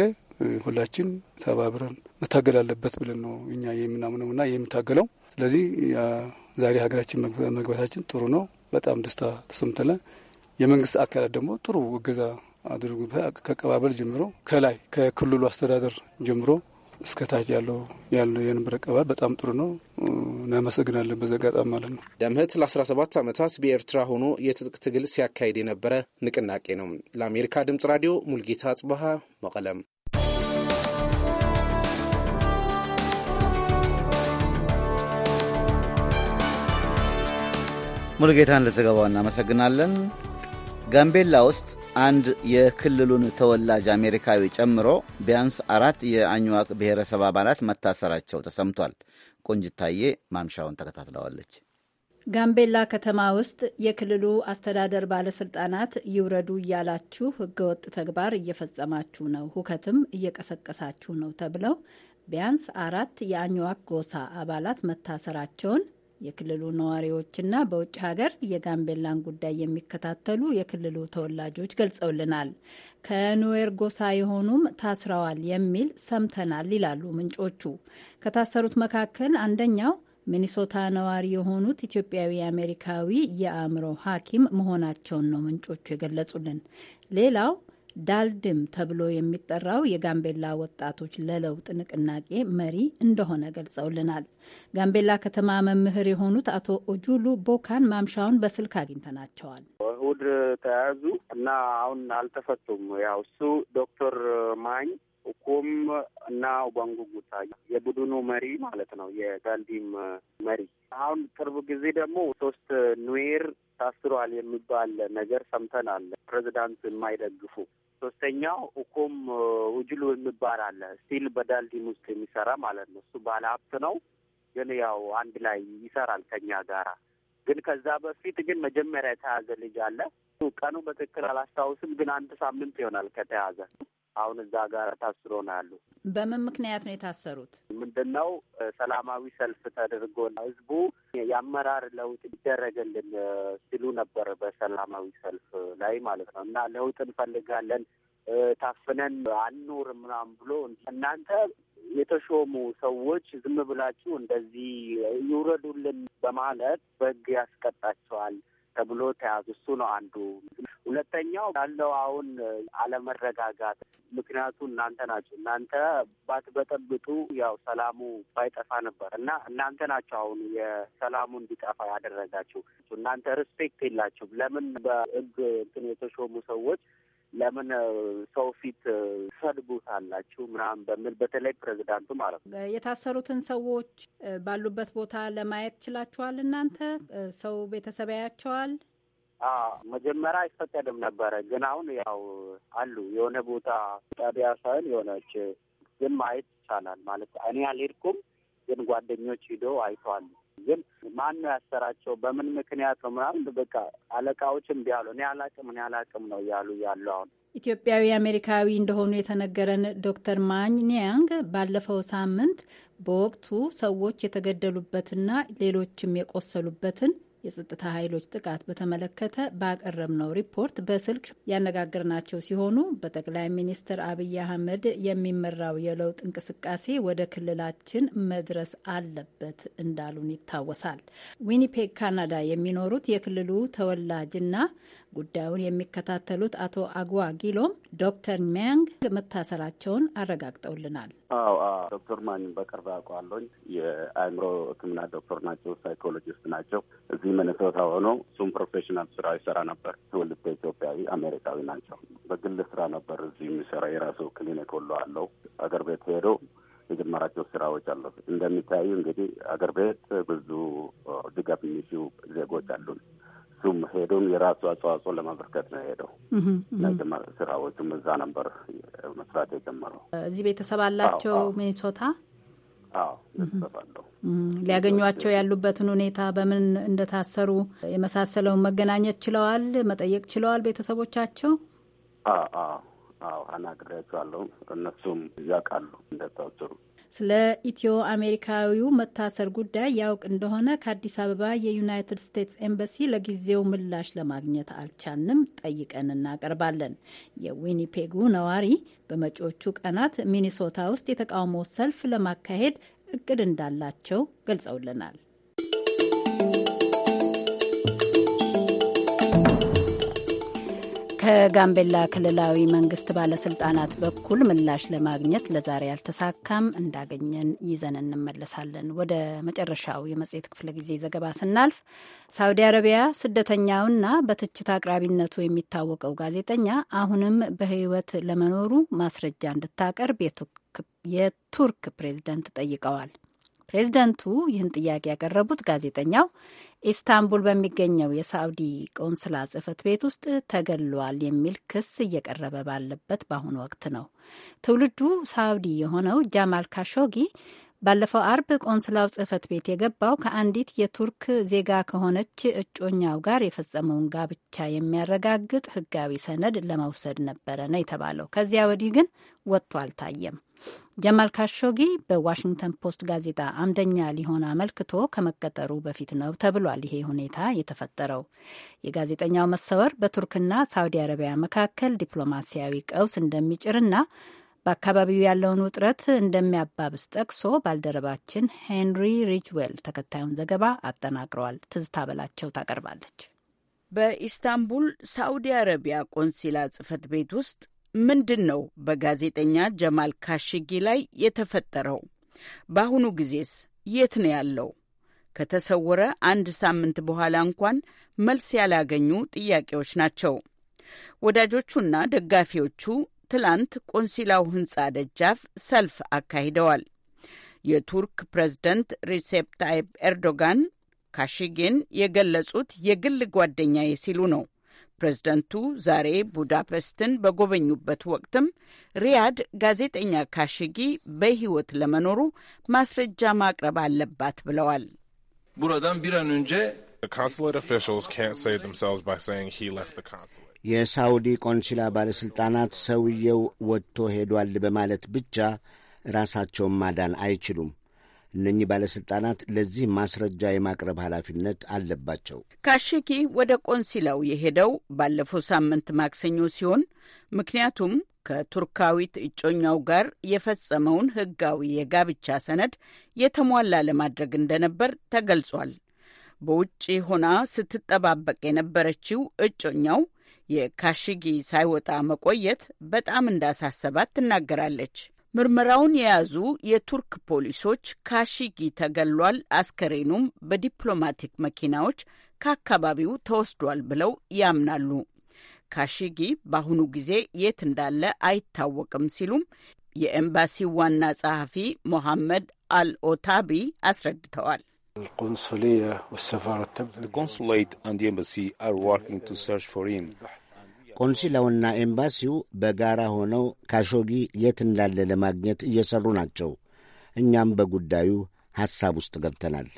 ሁላችን ተባብረን መታገል አለበት ብለን ነው እኛ የምናምነውና የምታገለው ስለዚህ ዛሬ ሀገራችን መግባታችን ጥሩ ነው። በጣም ደስታ ተሰምተናል። የመንግስት አካላት ደግሞ ጥሩ እገዛ አድርጉ። ከቀባበል ጀምሮ ከላይ ከክልሉ አስተዳደር ጀምሮ እስከ ታች ያለው የንብረ ቀባል በጣም ጥሩ ነው። እናመሰግናለን በዚ አጋጣሚ ማለት ነው። ደምህት ለ17 ዓመታት በኤርትራ ሆኖ የትጥቅ ትግል ሲያካሄድ የነበረ ንቅናቄ ነው። ለአሜሪካ ድምጽ ራዲዮ ሙልጌታ አጽበሃ መቀለም ሙሉጌታን ለዘገባው እናመሰግናለን። ጋምቤላ ውስጥ አንድ የክልሉን ተወላጅ አሜሪካዊ ጨምሮ ቢያንስ አራት የአኝዋክ ብሔረሰብ አባላት መታሰራቸው ተሰምቷል። ቆንጅታዬ ማምሻውን ተከታትለዋለች። ጋምቤላ ከተማ ውስጥ የክልሉ አስተዳደር ባለስልጣናት ይውረዱ እያላችሁ ህገወጥ ተግባር እየፈጸማችሁ ነው፣ ሁከትም እየቀሰቀሳችሁ ነው ተብለው ቢያንስ አራት የአኝዋክ ጎሳ አባላት መታሰራቸውን የክልሉ ነዋሪዎችና በውጭ ሀገር የጋምቤላን ጉዳይ የሚከታተሉ የክልሉ ተወላጆች ገልጸውልናል። ከኑዌር ጎሳ የሆኑም ታስረዋል የሚል ሰምተናል ይላሉ ምንጮቹ። ከታሰሩት መካከል አንደኛው ሚኒሶታ ነዋሪ የሆኑት ኢትዮጵያዊ አሜሪካዊ የአእምሮ ሐኪም መሆናቸውን ነው ምንጮቹ የገለጹልን። ሌላው ዳልድም ተብሎ የሚጠራው የጋምቤላ ወጣቶች ለለውጥ ንቅናቄ መሪ እንደሆነ ገልጸውልናል። ጋምቤላ ከተማ መምህር የሆኑት አቶ ኦጁሉ ቦካን ማምሻውን በስልክ አግኝተናቸዋል። እሁድ ተያዙ እና አሁን አልተፈቱም። ያው እሱ ዶክተር ማኝ ኡኩም እና ጓንጉጉታ የቡድኑ መሪ ማለት ነው፣ የዳልዲም መሪ። አሁን ቅርብ ጊዜ ደግሞ ሶስት ኑዌር ታስሯል የሚባል ነገር ሰምተናል። ፕሬዚዳንት የማይደግፉ ሶስተኛው እኩም ውጅሉ የሚባል አለ ስቲል በዳልዲን ውስጥ የሚሰራ ማለት ነው። እሱ ባለ ሀብት ነው፣ ግን ያው አንድ ላይ ይሰራል ከኛ ጋራ። ግን ከዛ በፊት ግን መጀመሪያ የተያዘ ልጅ አለ። ቀኑ በትክክል አላስታውስም፣ ግን አንድ ሳምንት ይሆናል ከተያዘ አሁን እዛ ጋር ታስሮ ነው ያሉ። በምን ምክንያት ነው የታሰሩት? ምንድነው ሰላማዊ ሰልፍ ተደርጎ ህዝቡ የአመራር ለውጥ ይደረግልን ሲሉ ነበር። በሰላማዊ ሰልፍ ላይ ማለት ነው እና ለውጥ እንፈልጋለን ታፍነን አንኖር ምናምን ብሎ እናንተ የተሾሙ ሰዎች ዝም ብላችሁ እንደዚህ ይውረዱልን በማለት በህግ ያስቀጣቸዋል ተብሎ ተያዙ። እሱ ነው አንዱ ሁለተኛው ያለው አሁን አለመረጋጋት ምክንያቱ እናንተ ናቸው። እናንተ ባትበጠብጡ ያው ሰላሙ ባይጠፋ ነበር እና እናንተ ናቸው አሁን የሰላሙ እንዲጠፋ ያደረጋችሁ። እናንተ ሪስፔክት የላችሁም። ለምን በህግ እንትን የተሾሙ ሰዎች ለምን ሰው ፊት ሰድቡታላችሁ? ምናምን በሚል በተለይ ፕሬዚዳንቱ ማለት ነው። የታሰሩትን ሰዎች ባሉበት ቦታ ለማየት ችላችኋል? እናንተ ሰው ቤተሰብ ያያቸዋል? መጀመሪያ አይፈቀድም ነበረ፣ ግን አሁን ያው አሉ የሆነ ቦታ ጣቢያ ሳይሆን የሆነች ግን ማየት ይቻላል ማለት እኔ አልሄድኩም፣ ግን ጓደኞች ሂዶ አይተዋል። ግን ማን ነው ያሰራቸው? በምን ምክንያት ነው ምናምን በቃ አለቃዎችም ቢያሉ እኔ አላቅም እኔ አላቅም ነው እያሉ ያሉ አሁን ኢትዮጵያዊ አሜሪካዊ እንደሆኑ የተነገረን ዶክተር ማኝ ኒያንግ ባለፈው ሳምንት በወቅቱ ሰዎች የተገደሉበትና ሌሎችም የቆሰሉበትን የጸጥታ ኃይሎች ጥቃት በተመለከተ ባቀረብነው ሪፖርት በስልክ ያነጋገርናቸው ሲሆኑ በጠቅላይ ሚኒስትር አብይ አህመድ የሚመራው የለውጥ እንቅስቃሴ ወደ ክልላችን መድረስ አለበት እንዳሉን ይታወሳል። ዊኒፔግ ካናዳ የሚኖሩት የክልሉ ተወላጅና ጉዳዩን የሚከታተሉት አቶ አግዋ ጊሎም ዶክተር ሚያንግ መታሰራቸውን አረጋግጠውልናል። አዎ ዶክተር ማኝ በቅርብ አውቀዋለሁኝ። የአእምሮ ሕክምና ዶክተር ናቸው፣ ሳይኮሎጂስት ናቸው። እዚህ መነሶታ ሆኖ እሱም ፕሮፌሽናል ስራ ይሰራ ነበር። ትውልደ ኢትዮጵያዊ አሜሪካዊ ናቸው። በግል ስራ ነበር እዚህ የሚሰራ የራሱ ክሊኒክ ሁሉ አለው። አገር ቤት ሄዶ የጀመራቸው ስራዎች አሉ። እንደሚታዩ እንግዲህ አገር ቤት ብዙ ድጋፍ የሚሹ ዜጎች አሉን። እሱም ሄዶም የራሱ አስተዋጽኦ ለማበርከት ነው የሄደው። ስራዎቹም እዛ ነበር መስራት የጀመረው። እዚህ ቤተሰብ አላቸው ሚኒሶታ። አዎ ቤተሰብ አለው። ሊያገኟቸው ያሉበትን ሁኔታ በምን እንደታሰሩ የመሳሰለውን መገናኘት ችለዋል፣ መጠየቅ ችለዋል ቤተሰቦቻቸው። አዎ አዎ አናግሬያቸዋለሁ። እነሱም እዚያ ቃሉ እንደታሰሩ ስለ ኢትዮ አሜሪካዊው መታሰር ጉዳይ ያውቅ እንደሆነ ከአዲስ አበባ የዩናይትድ ስቴትስ ኤምባሲ ለጊዜው ምላሽ ለማግኘት አልቻንም። ጠይቀን እናቀርባለን። የዊኒፔጉ ነዋሪ በመጪዎቹ ቀናት ሚኒሶታ ውስጥ የተቃውሞ ሰልፍ ለማካሄድ እቅድ እንዳላቸው ገልጸውልናል። ከጋምቤላ ክልላዊ መንግስት ባለስልጣናት በኩል ምላሽ ለማግኘት ለዛሬ አልተሳካም። እንዳገኘን ይዘን እንመለሳለን። ወደ መጨረሻው የመጽሔት ክፍለ ጊዜ ዘገባ ስናልፍ ሳውዲ አረቢያ ስደተኛውና በትችት አቅራቢነቱ የሚታወቀው ጋዜጠኛ አሁንም በህይወት ለመኖሩ ማስረጃ እንድታቀርብ የቱርክ ፕሬዝደንት ጠይቀዋል። ፕሬዚደንቱ ይህን ጥያቄ ያቀረቡት ጋዜጠኛው ኢስታንቡል በሚገኘው የሳዑዲ ቆንስላ ጽህፈት ቤት ውስጥ ተገሏል የሚል ክስ እየቀረበ ባለበት በአሁኑ ወቅት ነው። ትውልዱ ሳዑዲ የሆነው ጃማል ካሾጊ ባለፈው አርብ ቆንስላው ጽህፈት ቤት የገባው ከአንዲት የቱርክ ዜጋ ከሆነች እጮኛው ጋር የፈጸመውን ጋብቻ የሚያረጋግጥ ህጋዊ ሰነድ ለመውሰድ ነበረ ነው የተባለው። ከዚያ ወዲህ ግን ወጥቶ አልታየም። ጀማል ካሾጊ በዋሽንግተን ፖስት ጋዜጣ አምደኛ ሊሆን አመልክቶ ከመቀጠሩ በፊት ነው ተብሏል። ይሄ ሁኔታ የተፈጠረው የጋዜጠኛው መሰወር በቱርክና ሳውዲ አረቢያ መካከል ዲፕሎማሲያዊ ቀውስ እንደሚጭርና በአካባቢው ያለውን ውጥረት እንደሚያባብስ ጠቅሶ ባልደረባችን ሄንሪ ሪጅዌል ተከታዩን ዘገባ አጠናቅረዋል። ትዝታ በላቸው ታቀርባለች። በኢስታንቡል ሳውዲ አረቢያ ቆንሲላ ጽህፈት ቤት ውስጥ ምንድን ነው በጋዜጠኛ ጀማል ካሽጊ ላይ የተፈጠረው? በአሁኑ ጊዜስ የት ነው ያለው? ከተሰወረ አንድ ሳምንት በኋላ እንኳን መልስ ያላገኙ ጥያቄዎች ናቸው። ወዳጆቹና ደጋፊዎቹ ትላንት ቆንሲላው ሕንፃ ደጃፍ ሰልፍ አካሂደዋል። የቱርክ ፕሬዝደንት ሪሴፕ ታይፕ ኤርዶጋን ካሽጌን የገለጹት የግል ጓደኛዬ ሲሉ ነው። ፕሬዝደንቱ ዛሬ ቡዳፔስትን በጎበኙበት ወቅትም ሪያድ ጋዜጠኛ ካሽጊ በሕይወት ለመኖሩ ማስረጃ ማቅረብ አለባት ብለዋል። የሳውዲ ቆንሲላ ባለሥልጣናት ሰውየው ወጥቶ ሄዷል በማለት ብቻ ራሳቸውን ማዳን አይችሉም። እነኚህ ባለሥልጣናት ለዚህ ማስረጃ የማቅረብ ኃላፊነት አለባቸው። ካሽኪ ወደ ቆንሲላው የሄደው ባለፈው ሳምንት ማክሰኞ ሲሆን ምክንያቱም ከቱርካዊት እጮኛው ጋር የፈጸመውን ሕጋዊ የጋብቻ ሰነድ የተሟላ ለማድረግ እንደነበር ተገልጿል። በውጭ ሆና ስትጠባበቅ የነበረችው እጮኛው የካሽጊ ሳይወጣ መቆየት በጣም እንዳሳሰባት ትናገራለች። ምርመራውን የያዙ የቱርክ ፖሊሶች ካሺጊ ተገሏል፣ አስከሬኑም በዲፕሎማቲክ መኪናዎች ከአካባቢው ተወስዷል ብለው ያምናሉ። ካሺጊ በአሁኑ ጊዜ የት እንዳለ አይታወቅም ሲሉም የኤምባሲው ዋና ጸሐፊ ሞሐመድ አልኦታቢ አስረድተዋል። ቆንሱሌት ቆንሲላውና ኤምባሲው በጋራ ሆነው ካሾጊ የት እንዳለ ለማግኘት እየሰሩ ናቸው። እኛም በጉዳዩ ሐሳብ ውስጥ ገብተናል።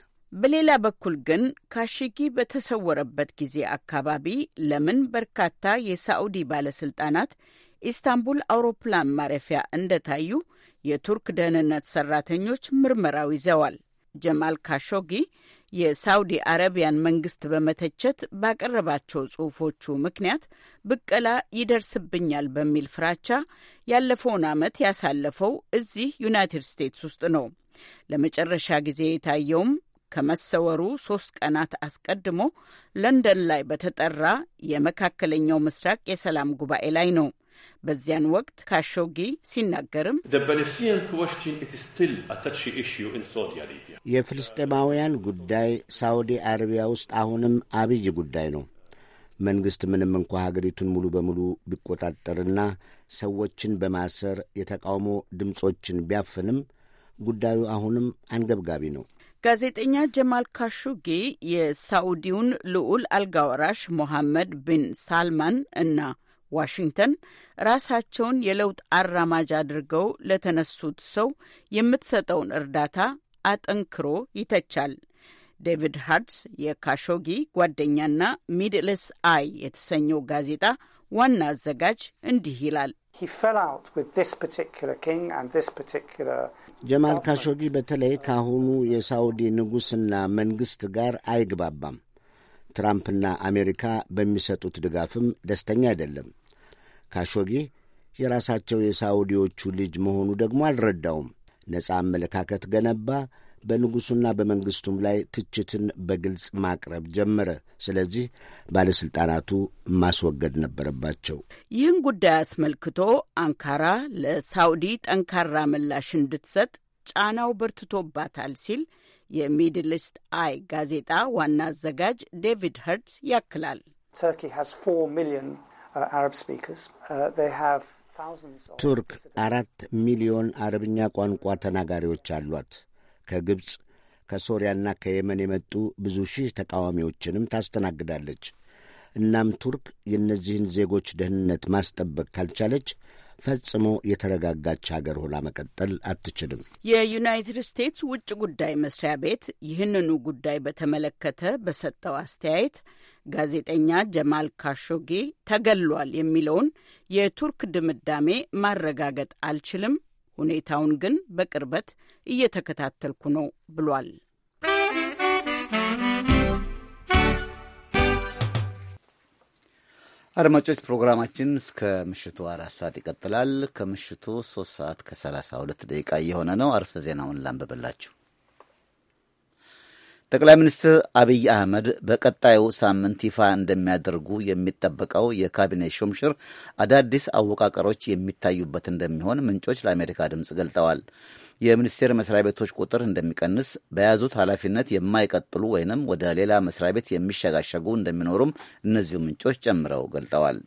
በሌላ በኩል ግን ካሽጊ በተሰወረበት ጊዜ አካባቢ ለምን በርካታ የሳዑዲ ባለሥልጣናት ኢስታንቡል አውሮፕላን ማረፊያ እንደታዩ የቱርክ ደህንነት ሠራተኞች ምርመራው ይዘዋል። ጀማል ካሾጊ የሳውዲ አረቢያን መንግስት በመተቸት ባቀረባቸው ጽሁፎቹ ምክንያት ብቀላ ይደርስብኛል በሚል ፍራቻ ያለፈውን ዓመት ያሳለፈው እዚህ ዩናይትድ ስቴትስ ውስጥ ነው። ለመጨረሻ ጊዜ የታየውም ከመሰወሩ ሶስት ቀናት አስቀድሞ ለንደን ላይ በተጠራ የመካከለኛው ምስራቅ የሰላም ጉባኤ ላይ ነው። በዚያን ወቅት ካሾጊ ሲናገርም የፍልስጤማውያን ጉዳይ ሳውዲ አረቢያ ውስጥ አሁንም አብይ ጉዳይ ነው። መንግሥት ምንም እንኳ ሀገሪቱን ሙሉ በሙሉ ቢቆጣጠርና ሰዎችን በማሰር የተቃውሞ ድምፆችን ቢያፍንም ጉዳዩ አሁንም አንገብጋቢ ነው። ጋዜጠኛ ጀማል ካሹጌ የሳዑዲውን ልዑል አልጋወራሽ ሞሐመድ ቢን ሳልማን እና ዋሽንግተን ራሳቸውን የለውጥ አራማጅ አድርገው ለተነሱት ሰው የምትሰጠውን እርዳታ አጠንክሮ ይተቻል። ዴቪድ ሃርትስ የካሾጊ ጓደኛና ሚድልስ አይ የተሰኘው ጋዜጣ ዋና አዘጋጅ እንዲህ ይላል። ጀማል ካሾጊ በተለይ ከአሁኑ የሳውዲ ንጉሥና መንግሥት ጋር አይግባባም። ትራምፕና አሜሪካ በሚሰጡት ድጋፍም ደስተኛ አይደለም። ካሾጌ የራሳቸው የሳውዲዎቹ ልጅ መሆኑ ደግሞ አልረዳውም። ነጻ አመለካከት ገነባ። በንጉሡና በመንግሥቱም ላይ ትችትን በግልጽ ማቅረብ ጀመረ። ስለዚህ ባለሥልጣናቱ ማስወገድ ነበረባቸው። ይህን ጉዳይ አስመልክቶ አንካራ ለሳውዲ ጠንካራ ምላሽ እንድትሰጥ ጫናው በርትቶባታል ሲል የሚድልስት አይ ጋዜጣ ዋና አዘጋጅ ዴቪድ ኸርትዝ ያክላል። ቱርክ አራት ሚሊዮን አረብኛ ቋንቋ ተናጋሪዎች አሏት። ከግብፅ ከሶሪያና ከየመን የመጡ ብዙ ሺህ ተቃዋሚዎችንም ታስተናግዳለች። እናም ቱርክ የእነዚህን ዜጎች ደህንነት ማስጠበቅ ካልቻለች ፈጽሞ የተረጋጋች ሀገር ሆና መቀጠል አትችልም። የዩናይትድ ስቴትስ ውጭ ጉዳይ መስሪያ ቤት ይህንኑ ጉዳይ በተመለከተ በሰጠው አስተያየት ጋዜጠኛ ጀማል ካሾጌ ተገሏል የሚለውን የቱርክ ድምዳሜ ማረጋገጥ አልችልም፣ ሁኔታውን ግን በቅርበት እየተከታተልኩ ነው ብሏል። አድማጮች ፕሮግራማችን እስከ ምሽቱ አራት ሰዓት ይቀጥላል። ከምሽቱ ሶስት ሰዓት ከሰላሳ ሁለት ደቂቃ እየሆነ ነው። አርዕስተ ዜናውን ላንብብላችሁ። ጠቅላይ ሚኒስትር አብይ አህመድ በቀጣዩ ሳምንት ይፋ እንደሚያደርጉ የሚጠበቀው የካቢኔ ሹምሽር አዳዲስ አወቃቀሮች የሚታዩበት እንደሚሆን ምንጮች ለአሜሪካ ድምፅ ገልጠዋል። የሚኒስቴር መስሪያ ቤቶች ቁጥር እንደሚቀንስ፣ በያዙት ኃላፊነት የማይቀጥሉ ወይንም ወደ ሌላ መስሪያ ቤት የሚሸጋሸጉ እንደሚኖሩም እነዚሁ ምንጮች ጨምረው ገልጠዋል።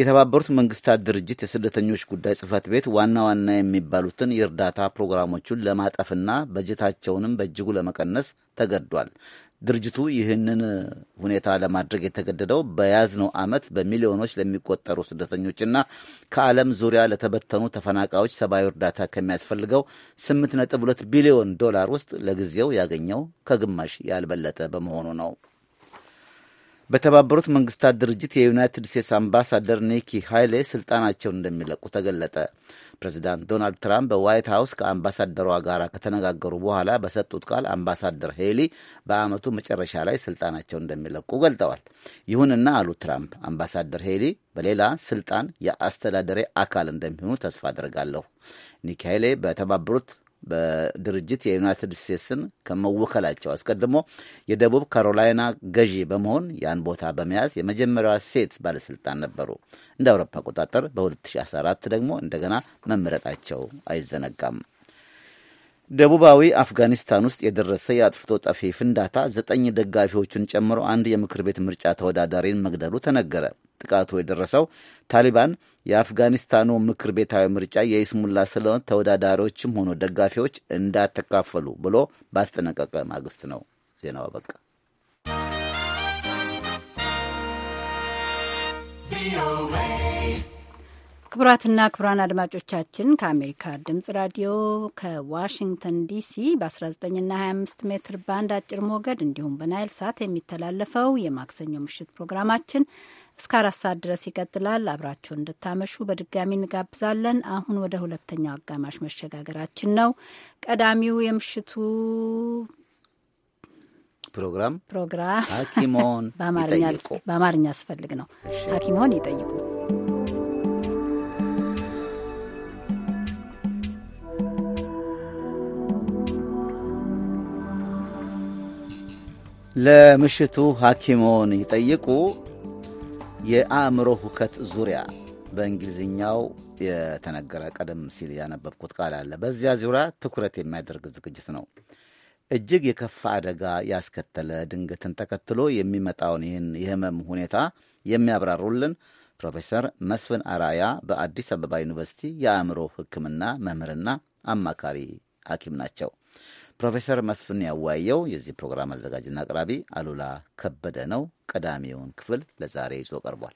የተባበሩት መንግስታት ድርጅት የስደተኞች ጉዳይ ጽህፈት ቤት ዋና ዋና የሚባሉትን የእርዳታ ፕሮግራሞቹን ለማጠፍና በጀታቸውንም በእጅጉ ለመቀነስ ተገዷል። ድርጅቱ ይህንን ሁኔታ ለማድረግ የተገደደው በያዝነው ዓመት በሚሊዮኖች ለሚቆጠሩ ስደተኞችና ከዓለም ዙሪያ ለተበተኑ ተፈናቃዮች ሰብአዊ እርዳታ ከሚያስፈልገው 8.2 ቢሊዮን ዶላር ውስጥ ለጊዜው ያገኘው ከግማሽ ያልበለጠ በመሆኑ ነው። በተባበሩት መንግስታት ድርጅት የዩናይትድ ስቴትስ አምባሳደር ኒኪ ሃይሌ ስልጣናቸውን እንደሚለቁ ተገለጠ። ፕሬዚዳንት ዶናልድ ትራምፕ በዋይት ሀውስ ከአምባሳደሯ ጋር ከተነጋገሩ በኋላ በሰጡት ቃል አምባሳደር ሄሊ በአመቱ መጨረሻ ላይ ስልጣናቸውን እንደሚለቁ ገልጠዋል። ይሁንና አሉ ትራምፕ፣ አምባሳደር ሄሊ በሌላ ስልጣን የአስተዳደሬ አካል እንደሚሆኑ ተስፋ አድርጋለሁ። ኒኪ ሃይሌ በተባበሩት በድርጅት የዩናይትድ ስቴትስን ከመወከላቸው አስቀድሞ የደቡብ ካሮላይና ገዢ በመሆን ያን ቦታ በመያዝ የመጀመሪያዋ ሴት ባለስልጣን ነበሩ። እንደ አውሮፓ አቆጣጠር በ2014 ደግሞ እንደገና መምረጣቸው አይዘነጋም። ደቡባዊ አፍጋኒስታን ውስጥ የደረሰ የአጥፍቶ ጠፊ ፍንዳታ ዘጠኝ ደጋፊዎችን ጨምሮ አንድ የምክር ቤት ምርጫ ተወዳዳሪን መግደሉ ተነገረ። ጥቃቱ የደረሰው ታሊባን የአፍጋኒስታኑ ምክር ቤታዊ ምርጫ የይስሙላ ስለሆን ተወዳዳሪዎችም ሆኖ ደጋፊዎች እንዳተካፈሉ ብሎ ባስጠነቀቀ ማግስት ነው። ዜናው አበቃ። ክቡራትና ክቡራን አድማጮቻችን ከአሜሪካ ድምጽ ራዲዮ ከዋሽንግተን ዲሲ በ19ና 25 ሜትር ባንድ አጭር ሞገድ እንዲሁም በናይል ሳት የሚተላለፈው የማክሰኞ ምሽት ፕሮግራማችን እስከ አራት ሰዓት ድረስ ይቀጥላል። አብራችሁን እንድታመሹ በድጋሚ እንጋብዛለን። አሁን ወደ ሁለተኛው አጋማሽ መሸጋገራችን ነው። ቀዳሚው የምሽቱ ፕሮግራም ፕሮግራም ሐኪሞን በአማርኛ አስፈልግ ነው። ሐኪሞን ይጠይቁ ለምሽቱ ሐኪሞን ይጠይቁ የአእምሮ ሁከት ዙሪያ በእንግሊዝኛው የተነገረ ቀደም ሲል ያነበብኩት ቃል አለ። በዚያ ዙሪያ ትኩረት የሚያደርግ ዝግጅት ነው። እጅግ የከፋ አደጋ ያስከተለ ድንገትን ተከትሎ የሚመጣውን ይህን የህመም ሁኔታ የሚያብራሩልን ፕሮፌሰር መስፍን አራያ በአዲስ አበባ ዩኒቨርሲቲ የአእምሮ ሕክምና መምህርና አማካሪ ሐኪም ናቸው። ፕሮፌሰር መስፍን ያዋየው የዚህ ፕሮግራም አዘጋጅና አቅራቢ አሉላ ከበደ ነው። ቀዳሚውን ክፍል ለዛሬ ይዞ ቀርቧል።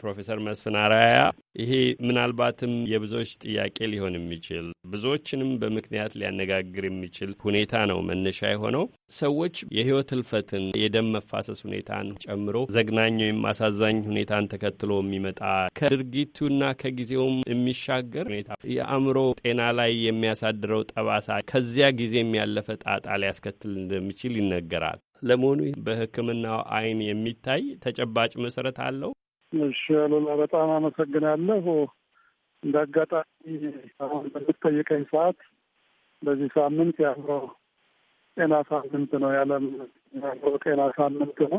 ፕሮፌሰር መስፍን አራያ ይሄ ምናልባትም የብዙዎች ጥያቄ ሊሆን የሚችል ብዙዎችንም በምክንያት ሊያነጋግር የሚችል ሁኔታ ነው መነሻ የሆነው። ሰዎች የህይወት ህልፈትን፣ የደም መፋሰስ ሁኔታን ጨምሮ ዘግናኝ ወይም አሳዛኝ ሁኔታን ተከትሎ የሚመጣ ከድርጊቱና ከጊዜውም የሚሻገር ሁኔታ የአእምሮ ጤና ላይ የሚያሳድረው ጠባሳ ከዚያ ጊዜም ያለፈ ጣጣ ሊያስከትል እንደሚችል ይነገራል። ለመሆኑ በሕክምናው አይን የሚታይ ተጨባጭ መሰረት አለው? እሺ አሉላ በጣም አመሰግናለሁ። እንደ አጋጣሚ አሁን በምትጠይቀኝ ሰዓት በዚህ ሳምንት የአእምሮ ጤና ሳምንት ነው። የዓለም የአእምሮ ጤና ሳምንት ነው።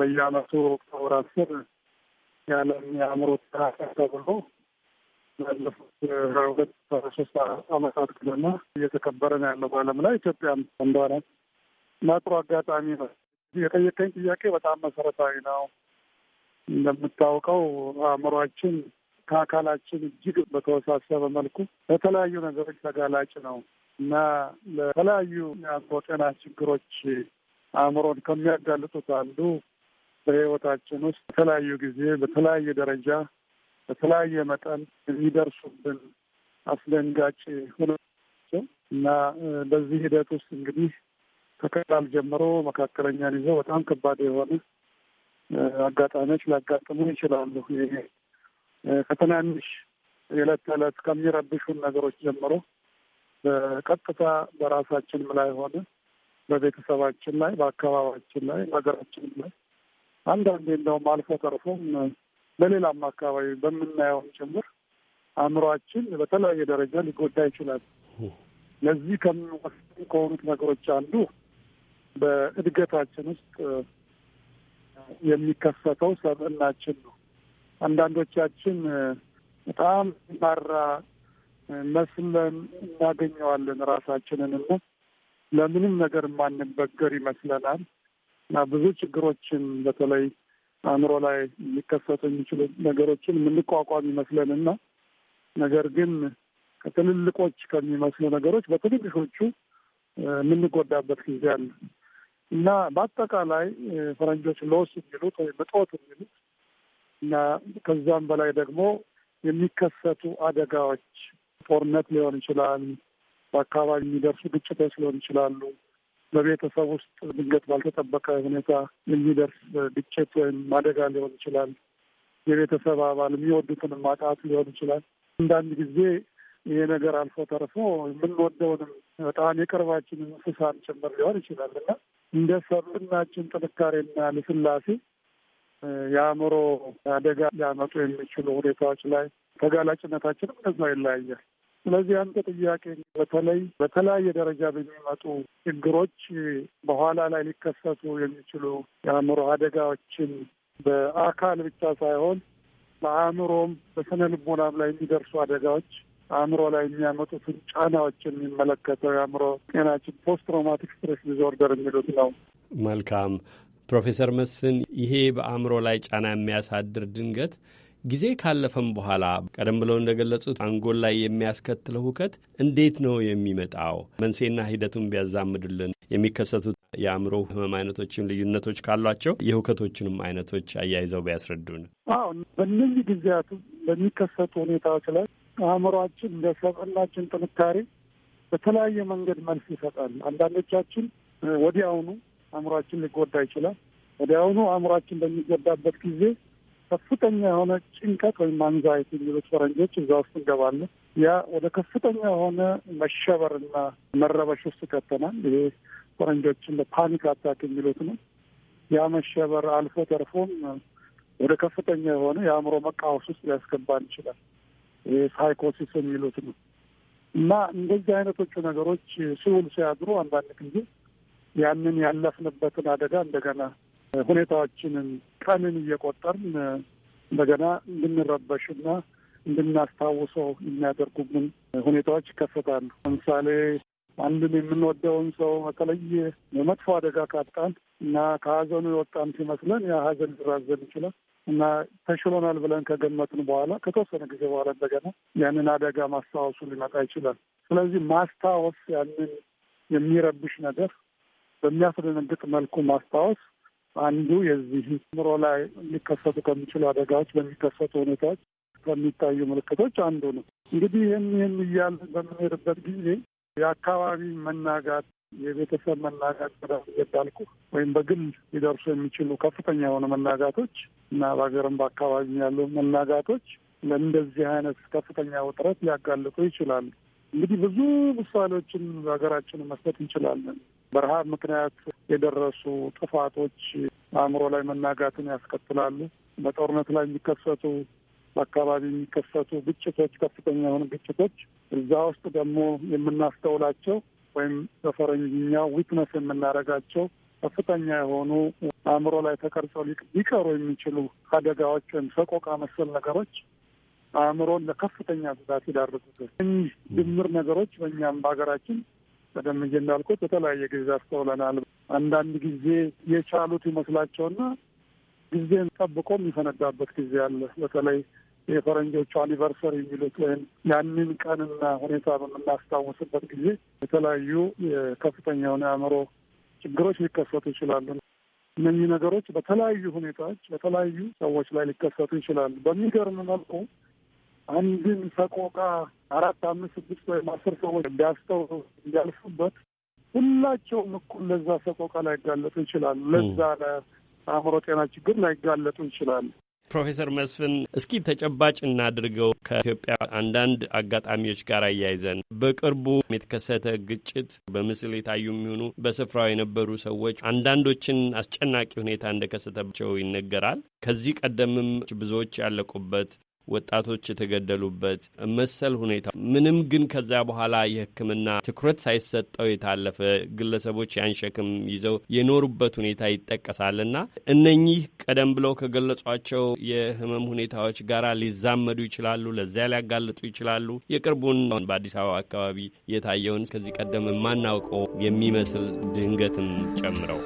በየአመቱ ኦክቶበር አስር የዓለም የአእምሮ ጤና ተብሎ ባለፉት ሀያ ሁለት ሶስት አመታት ገደማ እየተከበረ ነው ያለው በዓለም ላይ ኢትዮጵያም እንደሆነ እና አጋጣሚ ነው። የጠየቀኝ ጥያቄ በጣም መሰረታዊ ነው። እንደምታውቀው አእምሯችን ከአካላችን እጅግ በተወሳሰበ መልኩ ለተለያዩ ነገሮች ተጋላጭ ነው እና ለተለያዩ የአእምሮ ጤና ችግሮች አእምሮን ከሚያጋልጡት አንዱ በህይወታችን ውስጥ በተለያዩ ጊዜ በተለያየ ደረጃ በተለያየ መጠን የሚደርሱብን አስደንጋጭ ሁነቸው እና በዚህ ሂደት ውስጥ እንግዲህ ከቀላል ጀምሮ መካከለኛን ይዘው በጣም ከባድ የሆነ አጋጣሚዎች ሊያጋጥሙ ይችላሉ። ከትናንሽ የዕለት ተዕለት ከሚረብሹን ነገሮች ጀምሮ በቀጥታ በራሳችንም ላይ ሆነ በቤተሰባችን ላይ፣ በአካባቢያችን ላይ፣ በሀገራችንም ላይ አንዳንዴ እንደውም አልፎ ተርፎም በሌላም አካባቢ በምናየውም ጭምር አእምሯችን በተለያየ ደረጃ ሊጎዳ ይችላል። ለዚህ ከሚወስኑ ከሆኑት ነገሮች አንዱ በእድገታችን ውስጥ የሚከፈተው ሰብእናችን ነው። አንዳንዶቻችን በጣም ማራ መስለን እናገኘዋለን ራሳችንን ለምንም ነገር የማንበገር ይመስለናል እና ብዙ ችግሮችን በተለይ አእምሮ ላይ ሊከሰቱ የሚችሉ ነገሮችን የምንቋቋም ይመስለንና ነገር ግን ከትልልቆች ከሚመስሉ ነገሮች በትንንሾቹ የምንጎዳበት ጊዜ አለ። እና በአጠቃላይ ፈረንጆች ሎስ የሚሉት ወይም እጦት የሚሉት እና ከዛም በላይ ደግሞ የሚከሰቱ አደጋዎች ጦርነት ሊሆን ይችላል። በአካባቢ የሚደርሱ ግጭቶች ሊሆን ይችላሉ። በቤተሰብ ውስጥ ድንገት ባልተጠበቀ ሁኔታ የሚደርስ ግጭት ወይም አደጋ ሊሆን ይችላል። የቤተሰብ አባል የሚወዱትን ማጣት ሊሆን ይችላል። አንዳንድ ጊዜ ይሄ ነገር አልፎ ተርፎ የምንወደውንም በጣም የቅርባችንን እንስሳን ጭምር ሊሆን ይችላል እና እንደ ሰብናችን ጥንካሬና ልስላሴ የአእምሮ አደጋ ሊያመጡ የሚችሉ ሁኔታዎች ላይ ተጋላጭነታችንም እንደዛው ይለያያል። ስለዚህ አንተ ጥያቄ በተለይ በተለያየ ደረጃ በሚመጡ ችግሮች በኋላ ላይ ሊከሰቱ የሚችሉ የአእምሮ አደጋዎችን በአካል ብቻ ሳይሆን በአእምሮም በስነ ልቦናም ላይ የሚደርሱ አደጋዎች አእምሮ ላይ የሚያመጡትን ጫናዎች የሚመለከተው የአእምሮ ጤናችን ፖስት ትራውማቲክ ስትሬስ ዲዞርደር የሚሉት ነው። መልካም ፕሮፌሰር መስፍን ይሄ በአእምሮ ላይ ጫና የሚያሳድር ድንገት ጊዜ ካለፈም በኋላ ቀደም ብለው እንደገለጹት አንጎል ላይ የሚያስከትለው ሁከት እንዴት ነው የሚመጣው? መንሴና ሂደቱን ቢያዛምዱልን። የሚከሰቱት የአእምሮ ህመም አይነቶችም ልዩነቶች ካሏቸው የሁከቶችንም አይነቶች አያይዘው ቢያስረዱን። አዎ፣ በእነዚህ ጊዜያቱ በሚከሰቱ ሁኔታዎች ላይ አእምሯችን እንደ ጥንካሬ በተለያየ መንገድ መልስ ይሰጣል። አንዳንዶቻችን ወዲያውኑ አእምሯችን ሊጎዳ ይችላል። ወዲያውኑ አእምሯችን በሚጎዳበት ጊዜ ከፍተኛ የሆነ ጭንቀት ወይም አንዛይት የሚሉት ፈረንጆች እዛ ውስጥ እንገባለን። ያ ወደ ከፍተኛ የሆነ መሸበርና መረበሽ ውስጥ ይከተናል። ይሄ ፈረንጆችን ለፓኒክ አታክ የሚሉት ነው። ያ መሸበር አልፎ ተርፎም ወደ ከፍተኛ የሆነ የአእምሮ መቃወስ ውስጥ ሊያስገባን ይችላል። ሳይኮሲስ የሚሉት ነው። እና እንደዚህ አይነቶቹ ነገሮች ሲውል ሲያድሩ አንዳንድ ጊዜ ያንን ያለፍንበትን አደጋ እንደገና ሁኔታዎችንን ቀንን እየቆጠርን እንደገና እንድንረበሽና እንድናስታውሰው የሚያደርጉብን ሁኔታዎች ይከሰታሉ። ለምሳሌ አንድን የምንወደውን ሰው በተለየ የመጥፎ አደጋ ካጣን እና ከሀዘኑ የወጣን ሲመስለን ያ ሀዘን ሊራዘም ይችላል። እና ተሽሎናል ብለን ከገመትን በኋላ ከተወሰነ ጊዜ በኋላ እንደገና ያንን አደጋ ማስታወሱ ሊመጣ ይችላል። ስለዚህ ማስታወስ ያንን የሚረብሽ ነገር በሚያስደነግጥ መልኩ ማስታወስ አንዱ የዚህ ምሮ ላይ ሊከሰቱ ከሚችሉ አደጋዎች በሚከሰቱ ሁኔታዎች ከሚታዩ ምልክቶች አንዱ ነው። እንግዲህ ይህን ይህን እያልን በምንሄድበት ጊዜ የአካባቢ መናጋት የቤተሰብ መናጋት በዳስ ገዳልኩ ወይም በግል ሊደርሱ የሚችሉ ከፍተኛ የሆኑ መናጋቶች እና በሀገርም በአካባቢ ያሉ መናጋቶች ለእንደዚህ አይነት ከፍተኛ ውጥረት ሊያጋልጡ ይችላሉ። እንግዲህ ብዙ ምሳሌዎችን ሀገራችን መስጠት እንችላለን። በረሃብ ምክንያት የደረሱ ጥፋቶች አእምሮ ላይ መናጋትን ያስከትላሉ። በጦርነት ላይ የሚከሰቱ በአካባቢ የሚከሰቱ ግጭቶች፣ ከፍተኛ የሆኑ ግጭቶች እዛ ውስጥ ደግሞ የምናስተውላቸው ወይም በፈረንጅኛው ዊትነስ የምናደርጋቸው ከፍተኛ የሆኑ አእምሮ ላይ ተቀርጸው ሊቀሩ የሚችሉ አደጋዎች ወይም ሰቆቃ መሰል ነገሮች አእምሮን ለከፍተኛ ጉዳት ይዳርጉታል። እኚህ ድምር ነገሮች በእኛም በሀገራችን ቀደም ብዬ እንዳልኩት በተለያየ ጊዜ አስተውለናል። አንዳንድ ጊዜ የቻሉት ይመስላቸውና ጊዜን ጠብቆ የሚፈነዳበት ጊዜ አለ። በተለይ የፈረንጆቹ አኒቨርሰሪ የሚሉትን ያንን ቀንና ሁኔታ በምናስታውስበት ጊዜ የተለያዩ የከፍተኛ የሆነ አእምሮ ችግሮች ሊከሰቱ ይችላሉ። እነዚህ ነገሮች በተለያዩ ሁኔታዎች በተለያዩ ሰዎች ላይ ሊከሰቱ ይችላሉ። በሚገርም መልኩ አንድን ሰቆቃ አራት፣ አምስት፣ ስድስት ወይም አስር ሰዎች ቢያስተው እንዲያልፉበት ሁላቸውም እኩል ለዛ ሰቆቃ ላይጋለጡ ይችላሉ። ለዛ ለአእምሮ ጤና ችግር ላይጋለጡ ይችላሉ። ፕሮፌሰር መስፍን እስኪ ተጨባጭ እናድርገው። ከኢትዮጵያ አንዳንድ አጋጣሚዎች ጋር አያይዘን በቅርቡ የተከሰተ ግጭት በምስል የታዩ የሚሆኑ በስፍራው የነበሩ ሰዎች አንዳንዶችን አስጨናቂ ሁኔታ እንደከሰተባቸው ይነገራል። ከዚህ ቀደምም ብዙዎች ያለቁበት ወጣቶች የተገደሉበት መሰል ሁኔታ ምንም ግን ከዛ በኋላ የሕክምና ትኩረት ሳይሰጠው የታለፈ ግለሰቦች ያን ሸክም ይዘው የኖሩበት ሁኔታ ይጠቀሳልና እነኚህ ቀደም ብለው ከገለጿቸው የህመም ሁኔታዎች ጋር ሊዛመዱ ይችላሉ፣ ለዚያ ሊያጋልጡ ይችላሉ። የቅርቡን በአዲስ አበባ አካባቢ የታየውን ከዚህ ቀደም የማናውቀው የሚመስል ድንገትም ጨምረው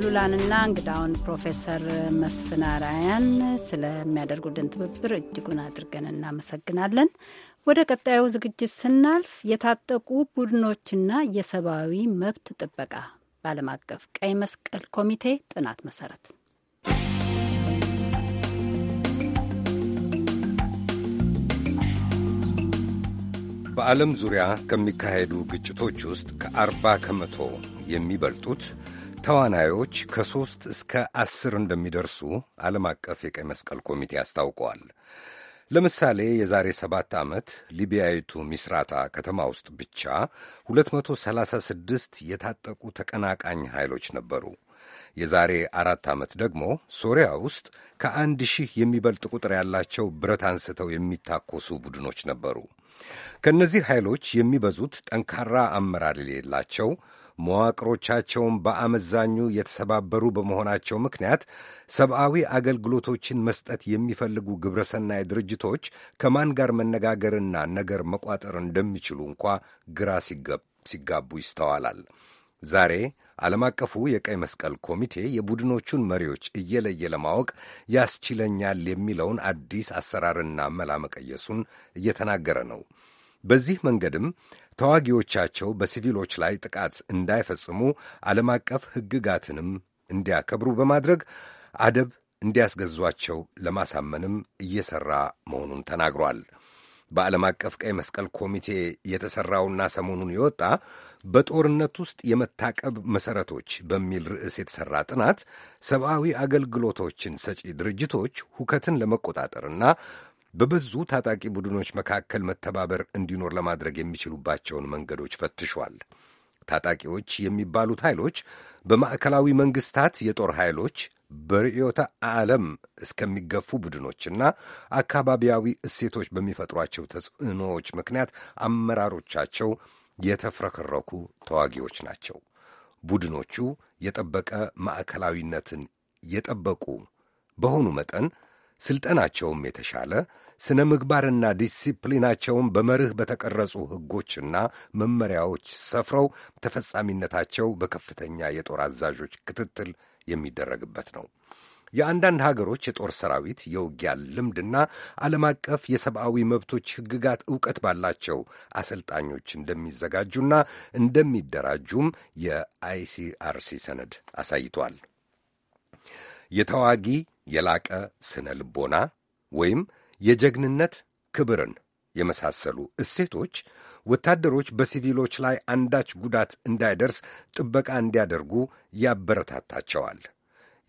አሉላንና እንግዳውን ፕሮፌሰር መስፍን አራያን ስለሚያደርጉልን ትብብር እጅጉን አድርገን እናመሰግናለን። ወደ ቀጣዩ ዝግጅት ስናልፍ የታጠቁ ቡድኖችና የሰብአዊ መብት ጥበቃ በዓለም አቀፍ ቀይ መስቀል ኮሚቴ ጥናት መሰረት በዓለም ዙሪያ ከሚካሄዱ ግጭቶች ውስጥ ከአርባ ከመቶ የሚበልጡት ተዋናዮች ከሦስት እስከ አስር እንደሚደርሱ ዓለም አቀፍ የቀይ መስቀል ኮሚቴ አስታውቀዋል። ለምሳሌ የዛሬ ሰባት ዓመት ሊቢያዊቱ ሚስራታ ከተማ ውስጥ ብቻ 236 የታጠቁ ተቀናቃኝ ኃይሎች ነበሩ። የዛሬ አራት ዓመት ደግሞ ሶሪያ ውስጥ ከአንድ ሺህ የሚበልጥ ቁጥር ያላቸው ብረት አንስተው የሚታኮሱ ቡድኖች ነበሩ። ከእነዚህ ኃይሎች የሚበዙት ጠንካራ አመራር የሌላቸው መዋቅሮቻቸውን በአመዛኙ የተሰባበሩ በመሆናቸው ምክንያት ሰብአዊ አገልግሎቶችን መስጠት የሚፈልጉ ግብረሰናይ ድርጅቶች ከማን ጋር መነጋገርና ነገር መቋጠር እንደሚችሉ እንኳ ግራ ሲጋቡ ይስተዋላል። ዛሬ ዓለም አቀፉ የቀይ መስቀል ኮሚቴ የቡድኖቹን መሪዎች እየለየ ለማወቅ ያስችለኛል የሚለውን አዲስ አሰራርና መላ መቀየሱን እየተናገረ ነው። በዚህ መንገድም ተዋጊዎቻቸው በሲቪሎች ላይ ጥቃት እንዳይፈጽሙ ዓለም አቀፍ ሕግጋትንም እንዲያከብሩ በማድረግ አደብ እንዲያስገዟቸው ለማሳመንም እየሠራ መሆኑን ተናግሯል። በዓለም አቀፍ ቀይ መስቀል ኮሚቴ የተሠራውና ሰሞኑን የወጣ በጦርነት ውስጥ የመታቀብ መሠረቶች በሚል ርዕስ የተሠራ ጥናት ሰብአዊ አገልግሎቶችን ሰጪ ድርጅቶች ሁከትን ለመቆጣጠርና በብዙ ታጣቂ ቡድኖች መካከል መተባበር እንዲኖር ለማድረግ የሚችሉባቸውን መንገዶች ፈትሿል። ታጣቂዎች የሚባሉት ኃይሎች በማዕከላዊ መንግስታት የጦር ኃይሎች በርዕዮተ ዓለም እስከሚገፉ ቡድኖችና አካባቢያዊ እሴቶች በሚፈጥሯቸው ተጽዕኖዎች ምክንያት አመራሮቻቸው የተፍረከረኩ ተዋጊዎች ናቸው። ቡድኖቹ የጠበቀ ማዕከላዊነትን የጠበቁ በሆኑ መጠን ሥልጠናቸውም የተሻለ ሥነ ምግባርና ዲሲፕሊናቸውም በመርህ በተቀረጹ ሕጎችና መመሪያዎች ሰፍረው ተፈጻሚነታቸው በከፍተኛ የጦር አዛዦች ክትትል የሚደረግበት ነው። የአንዳንድ ሀገሮች የጦር ሰራዊት የውጊያ ልምድና ዓለም አቀፍ የሰብአዊ መብቶች ሕግጋት ዕውቀት ባላቸው አሰልጣኞች እንደሚዘጋጁና እንደሚደራጁም የአይሲአርሲ ሰነድ አሳይቷል። የተዋጊ የላቀ ስነ ልቦና ወይም የጀግንነት ክብርን የመሳሰሉ እሴቶች ወታደሮች በሲቪሎች ላይ አንዳች ጉዳት እንዳይደርስ ጥበቃ እንዲያደርጉ ያበረታታቸዋል።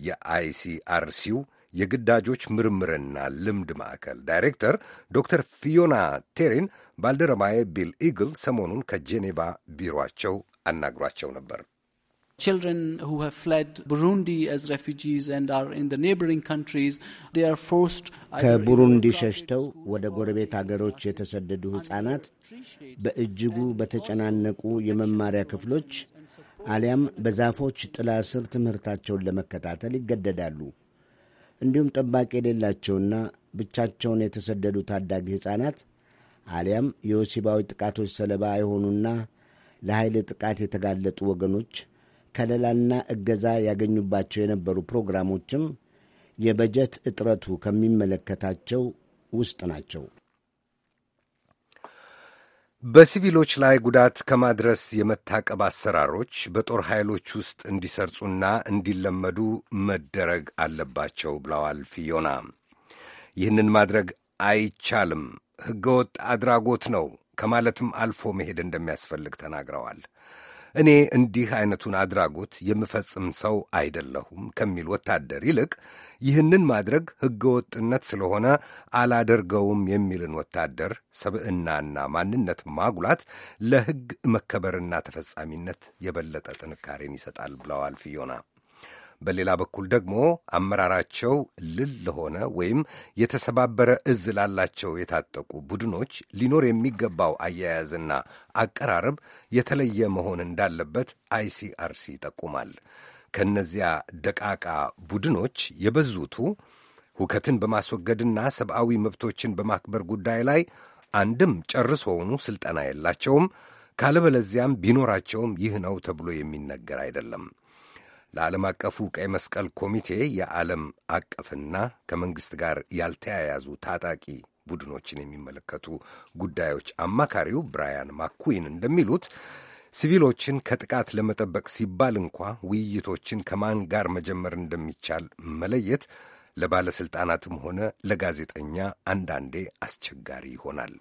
የአይሲአርሲው የግዳጆች ምርምርና ልምድ ማዕከል ዳይሬክተር ዶክተር ፊዮና ቴሪን ባልደረባዬ ቢል ኢግል ሰሞኑን ከጄኔቫ ቢሮአቸው አናግሯቸው ነበር። children who have fled Burundi as refugees and are in the neighboring countries, they are forced ከቡሩንዲ ሸሽተው ወደ ጎረቤት አገሮች የተሰደዱ ሕፃናት በእጅጉ በተጨናነቁ የመማሪያ ክፍሎች አሊያም በዛፎች ጥላ ስር ትምህርታቸውን ለመከታተል ይገደዳሉ። እንዲሁም ጠባቂ የሌላቸውና ብቻቸውን የተሰደዱ ታዳጊ ሕፃናት አሊያም የወሲባዊ ጥቃቶች ሰለባ የሆኑና ለኃይል ጥቃት የተጋለጡ ወገኖች ከለላና እገዛ ያገኙባቸው የነበሩ ፕሮግራሞችም የበጀት እጥረቱ ከሚመለከታቸው ውስጥ ናቸው። በሲቪሎች ላይ ጉዳት ከማድረስ የመታቀብ አሰራሮች በጦር ኃይሎች ውስጥ እንዲሰርጹና እንዲለመዱ መደረግ አለባቸው ብለዋል ፊዮና። ይህንን ማድረግ አይቻልም፣ ሕገወጥ አድራጎት ነው ከማለትም አልፎ መሄድ እንደሚያስፈልግ ተናግረዋል። እኔ እንዲህ አይነቱን አድራጎት የምፈጽም ሰው አይደለሁም ከሚል ወታደር ይልቅ ይህንን ማድረግ ሕገወጥነት ስለሆነ አላደርገውም የሚልን ወታደር ሰብዕናና ማንነት ማጉላት ለሕግ መከበርና ተፈጻሚነት የበለጠ ጥንካሬን ይሰጣል ብለዋል ፊዮና። በሌላ በኩል ደግሞ አመራራቸው ልል ለሆነ ወይም የተሰባበረ እዝ ላላቸው የታጠቁ ቡድኖች ሊኖር የሚገባው አያያዝና አቀራረብ የተለየ መሆን እንዳለበት አይሲአርሲ ይጠቁማል። ከእነዚያ ደቃቃ ቡድኖች የበዙቱ ሁከትን በማስወገድና ሰብአዊ መብቶችን በማክበር ጉዳይ ላይ አንድም ጨርሶውኑ ስልጠና የላቸውም፣ ካለበለዚያም ቢኖራቸውም ይህ ነው ተብሎ የሚነገር አይደለም። ለዓለም አቀፉ ቀይ መስቀል ኮሚቴ የዓለም አቀፍና ከመንግሥት ጋር ያልተያያዙ ታጣቂ ቡድኖችን የሚመለከቱ ጉዳዮች አማካሪው ብራያን ማኩዊን እንደሚሉት ሲቪሎችን ከጥቃት ለመጠበቅ ሲባል እንኳ ውይይቶችን ከማን ጋር መጀመር እንደሚቻል መለየት ለባለሥልጣናትም ሆነ ለጋዜጠኛ አንዳንዴ አስቸጋሪ ይሆናል።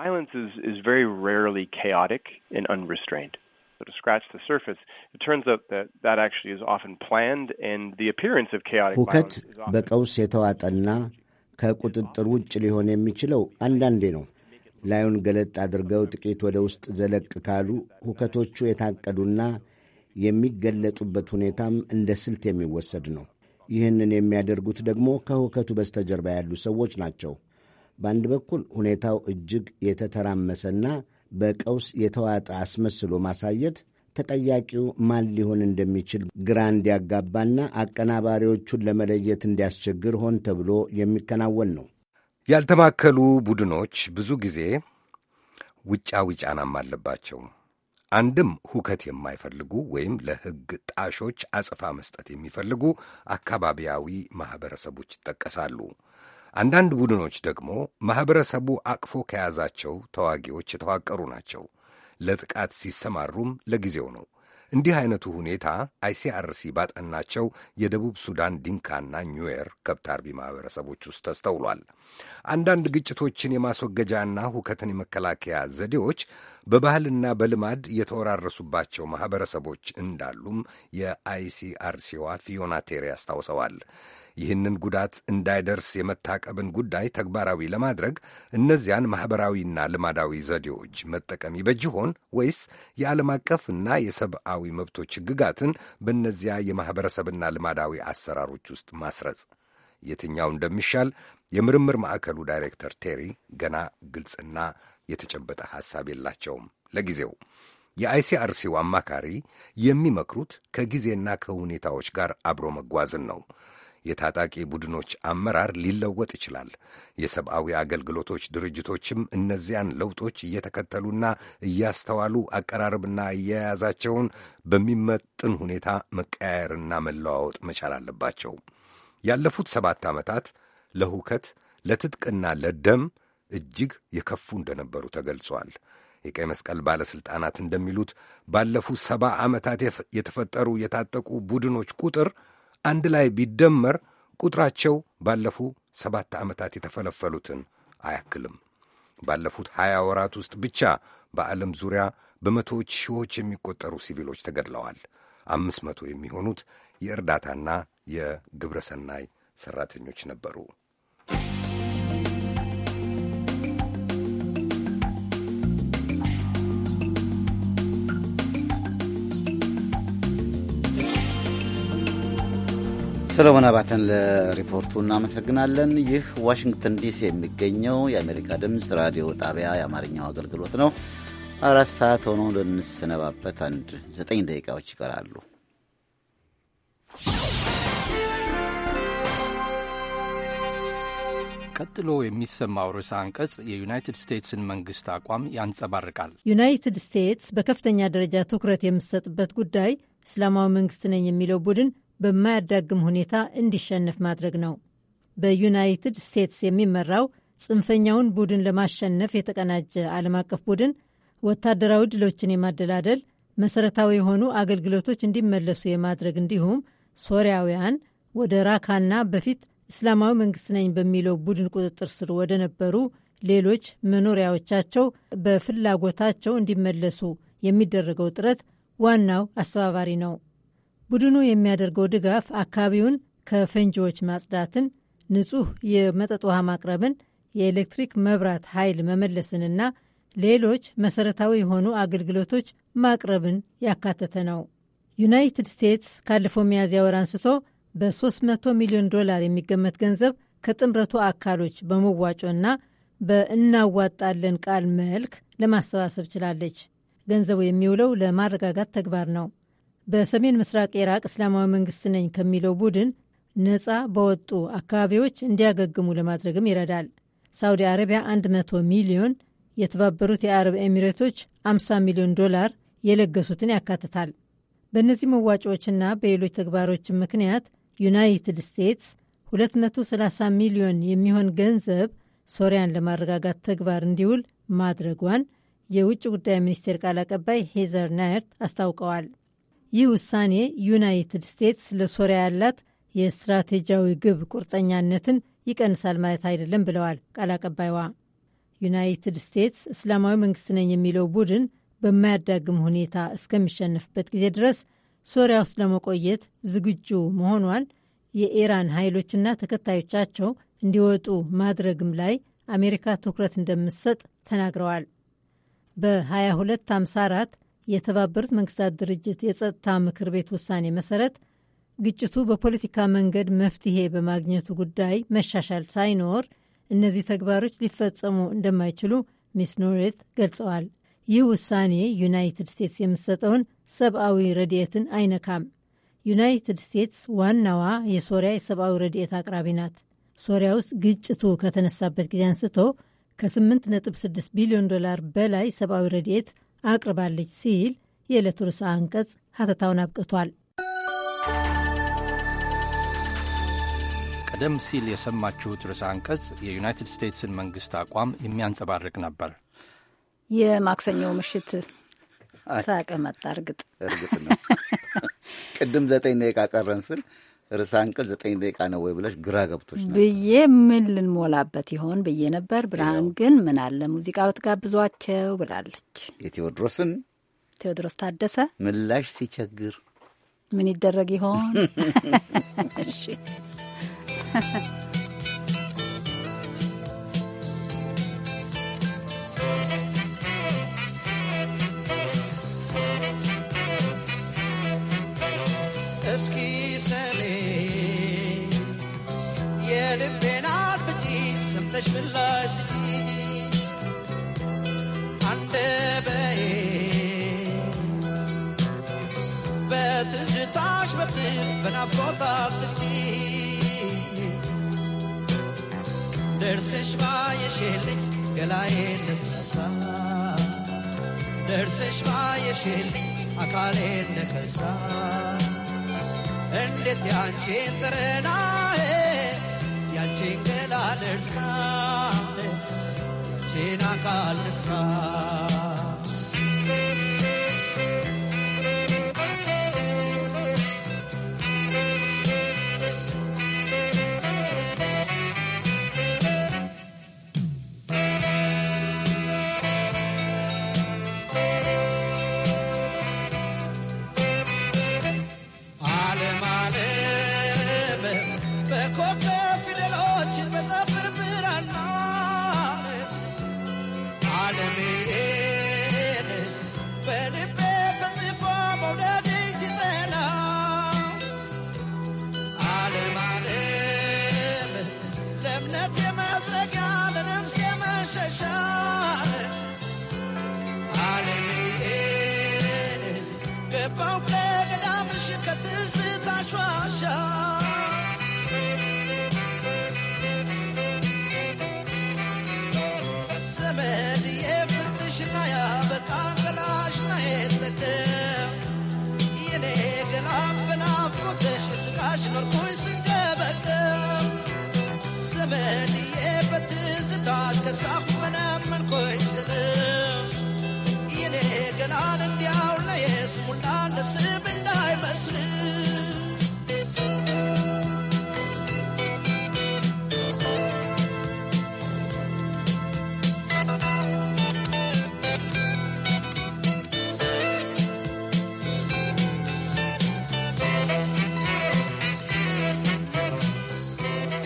Violence is, is very rarely chaotic and unrestrained. sort of scratch the surface, it turns out that that actually is often planned and the appearance of chaotic በቀውስ የተዋጠና ከቁጥጥር ውጭ ሊሆን የሚችለው አንዳንዴ ነው። ላዩን ገለጥ አድርገው ጥቂት ወደ ውስጥ ዘለቅ ካሉ ሁከቶቹ የታቀዱና የሚገለጡበት ሁኔታም እንደ ስልት የሚወሰድ ነው። ይህንን የሚያደርጉት ደግሞ ከሁከቱ በስተጀርባ ያሉ ሰዎች ናቸው። በአንድ በኩል ሁኔታው እጅግ የተተራመሰና በቀውስ የተዋጠ አስመስሎ ማሳየት ተጠያቂው ማን ሊሆን እንደሚችል ግራ እንዲያጋባና አቀናባሪዎቹን ለመለየት እንዲያስቸግር ሆን ተብሎ የሚከናወን ነው። ያልተማከሉ ቡድኖች ብዙ ጊዜ ውጫዊ ጫናም አለባቸው። አንድም ሁከት የማይፈልጉ ወይም ለሕግ ጣሾች አጽፋ መስጠት የሚፈልጉ አካባቢያዊ ማኅበረሰቦች ይጠቀሳሉ። አንዳንድ ቡድኖች ደግሞ ማኅበረሰቡ አቅፎ ከያዛቸው ተዋጊዎች የተዋቀሩ ናቸው። ለጥቃት ሲሰማሩም ለጊዜው ነው። እንዲህ አይነቱ ሁኔታ አይሲአርሲ ባጠናቸው የደቡብ ሱዳን ዲንካና ኒዌር ከብት አርቢ ማኅበረሰቦች ውስጥ ተስተውሏል። አንዳንድ ግጭቶችን የማስወገጃና ሁከትን የመከላከያ ዘዴዎች በባህልና በልማድ የተወራረሱባቸው ማኅበረሰቦች እንዳሉም የአይሲአርሲዋ ፊዮና ቴሪ አስታውሰዋል። ይህንን ጉዳት እንዳይደርስ የመታቀብን ጉዳይ ተግባራዊ ለማድረግ እነዚያን ማኅበራዊና ልማዳዊ ዘዴዎች መጠቀም ይበጅ ይሆን ወይስ የዓለም አቀፍና የሰብአዊ መብቶች ሕግጋትን በእነዚያ የማኅበረሰብና ልማዳዊ አሰራሮች ውስጥ ማስረጽ የትኛው እንደሚሻል የምርምር ማዕከሉ ዳይሬክተር ቴሪ ገና ግልጽና የተጨበጠ ሐሳብ የላቸውም ለጊዜው። የአይሲአርሲው አማካሪ የሚመክሩት ከጊዜና ከሁኔታዎች ጋር አብሮ መጓዝን ነው። የታጣቂ ቡድኖች አመራር ሊለወጥ ይችላል። የሰብአዊ አገልግሎቶች ድርጅቶችም እነዚያን ለውጦች እየተከተሉና እያስተዋሉ አቀራረብና አያያዛቸውን በሚመጥን ሁኔታ መቀያየርና መለዋወጥ መቻል አለባቸው። ያለፉት ሰባት ዓመታት ለሁከት ለትጥቅና ለደም እጅግ የከፉ እንደነበሩ ተገልጿል። የቀይ መስቀል ባለሥልጣናት እንደሚሉት ባለፉት ሰባ ዓመታት የተፈጠሩ የታጠቁ ቡድኖች ቁጥር አንድ ላይ ቢደመር ቁጥራቸው ባለፉ ሰባት ዓመታት የተፈለፈሉትን አያክልም። ባለፉት ሀያ ወራት ውስጥ ብቻ በዓለም ዙሪያ በመቶዎች ሺዎች የሚቆጠሩ ሲቪሎች ተገድለዋል። አምስት መቶ የሚሆኑት የእርዳታና የግብረ ሰናይ ሠራተኞች ነበሩ። ሰለሞን አባተን ለሪፖርቱ እናመሰግናለን። ይህ ዋሽንግተን ዲሲ የሚገኘው የአሜሪካ ድምፅ ራዲዮ ጣቢያ የአማርኛው አገልግሎት ነው። አራት ሰዓት ሆኖ ልንሰነባበት አንድ ዘጠኝ ደቂቃዎች ይቀራሉ። ቀጥሎ የሚሰማው ርዕሰ አንቀጽ የዩናይትድ ስቴትስን መንግስት አቋም ያንጸባርቃል። ዩናይትድ ስቴትስ በከፍተኛ ደረጃ ትኩረት የምትሰጥበት ጉዳይ እስላማዊ መንግስት ነኝ የሚለው ቡድን በማያዳግም ሁኔታ እንዲሸነፍ ማድረግ ነው። በዩናይትድ ስቴትስ የሚመራው ጽንፈኛውን ቡድን ለማሸነፍ የተቀናጀ ዓለም አቀፍ ቡድን ወታደራዊ ድሎችን የማደላደል መሰረታዊ የሆኑ አገልግሎቶች እንዲመለሱ የማድረግ እንዲሁም ሶሪያውያን ወደ ራካና በፊት እስላማዊ መንግስት ነኝ በሚለው ቡድን ቁጥጥር ስር ወደ ነበሩ ሌሎች መኖሪያዎቻቸው በፍላጎታቸው እንዲመለሱ የሚደረገው ጥረት ዋናው አስተባባሪ ነው። ቡድኑ የሚያደርገው ድጋፍ አካባቢውን ከፈንጂዎች ማጽዳትን፣ ንጹህ የመጠጥ ውሃ ማቅረብን፣ የኤሌክትሪክ መብራት ኃይል መመለስንና ሌሎች መሰረታዊ የሆኑ አገልግሎቶች ማቅረብን ያካተተ ነው። ዩናይትድ ስቴትስ ካለፈው ሚያዝያ ወር አንስቶ በ300 ሚሊዮን ዶላር የሚገመት ገንዘብ ከጥምረቱ አካሎች በመዋጮና በእናዋጣለን ቃል መልክ ለማሰባሰብ ችላለች። ገንዘቡ የሚውለው ለማረጋጋት ተግባር ነው። በሰሜን ምስራቅ ኢራቅ እስላማዊ መንግስት ነኝ ከሚለው ቡድን ነፃ በወጡ አካባቢዎች እንዲያገግሙ ለማድረግም ይረዳል። ሳውዲ አረቢያ 100 ሚሊዮን፣ የተባበሩት የአረብ ኤሚሬቶች 50 ሚሊዮን ዶላር የለገሱትን ያካትታል። በእነዚህ መዋጮዎችና በሌሎች ተግባሮች ምክንያት ዩናይትድ ስቴትስ 230 ሚሊዮን የሚሆን ገንዘብ ሶሪያን ለማረጋጋት ተግባር እንዲውል ማድረጓን የውጭ ጉዳይ ሚኒስቴር ቃል አቀባይ ሄዘር ናየርት አስታውቀዋል። ይህ ውሳኔ ዩናይትድ ስቴትስ ለሶሪያ ያላት የስትራቴጂያዊ ግብ ቁርጠኛነትን ይቀንሳል ማለት አይደለም ብለዋል ቃል አቀባይዋ። ዩናይትድ ስቴትስ እስላማዊ መንግስት ነኝ የሚለው ቡድን በማያዳግም ሁኔታ እስከሚሸንፍበት ጊዜ ድረስ ሶሪያ ውስጥ ለመቆየት ዝግጁ መሆኗን የኢራን ኃይሎችና ተከታዮቻቸው እንዲወጡ ማድረግም ላይ አሜሪካ ትኩረት እንደምትሰጥ ተናግረዋል። በ2254 የተባበሩት መንግስታት ድርጅት የጸጥታ ምክር ቤት ውሳኔ መሰረት ግጭቱ በፖለቲካ መንገድ መፍትሄ በማግኘቱ ጉዳይ መሻሻል ሳይኖር እነዚህ ተግባሮች ሊፈጸሙ እንደማይችሉ ሚስ ኖሬት ገልጸዋል። ይህ ውሳኔ ዩናይትድ ስቴትስ የምትሰጠውን ሰብአዊ ረድኤትን አይነካም። ዩናይትድ ስቴትስ ዋናዋ የሶሪያ የሰብአዊ ረድኤት አቅራቢ ናት። ሶሪያ ውስጥ ግጭቱ ከተነሳበት ጊዜ አንስቶ ከ8.6 ቢሊዮን ዶላር በላይ ሰብአዊ ረድኤት አቅርባለች ሲል የዕለቱ ርዕሰ አንቀጽ ሀተታውን አብቅቷል። ቀደም ሲል የሰማችሁት ርዕሰ አንቀጽ የዩናይትድ ስቴትስን መንግስት አቋም የሚያንጸባርቅ ነበር። የማክሰኛው ምሽት ሳቀ መጣ። እርግጥ እርግጥ ነው። ቅድም ዘጠኝ ደቂቃ ቀረን ስል ርዕሰ አንቀጽ ዘጠኝ ደቂቃ ነው ወይ ብለሽ ግራ ገብቶች ብዬ ምን ልንሞላበት ይሆን ብዬ ነበር። ብርሃን ግን ምን አለ ሙዚቃ ብትጋብዟቸው ብላለች። የቴዎድሮስን ቴዎድሮስ ታደሰ ምላሽ ሲቸግር ምን ይደረግ ይሆን? እሺ ያንቺን አካሌ እንደከሳ እንዴት ያንቺን ያንቺን ገላ ያንቺን አካል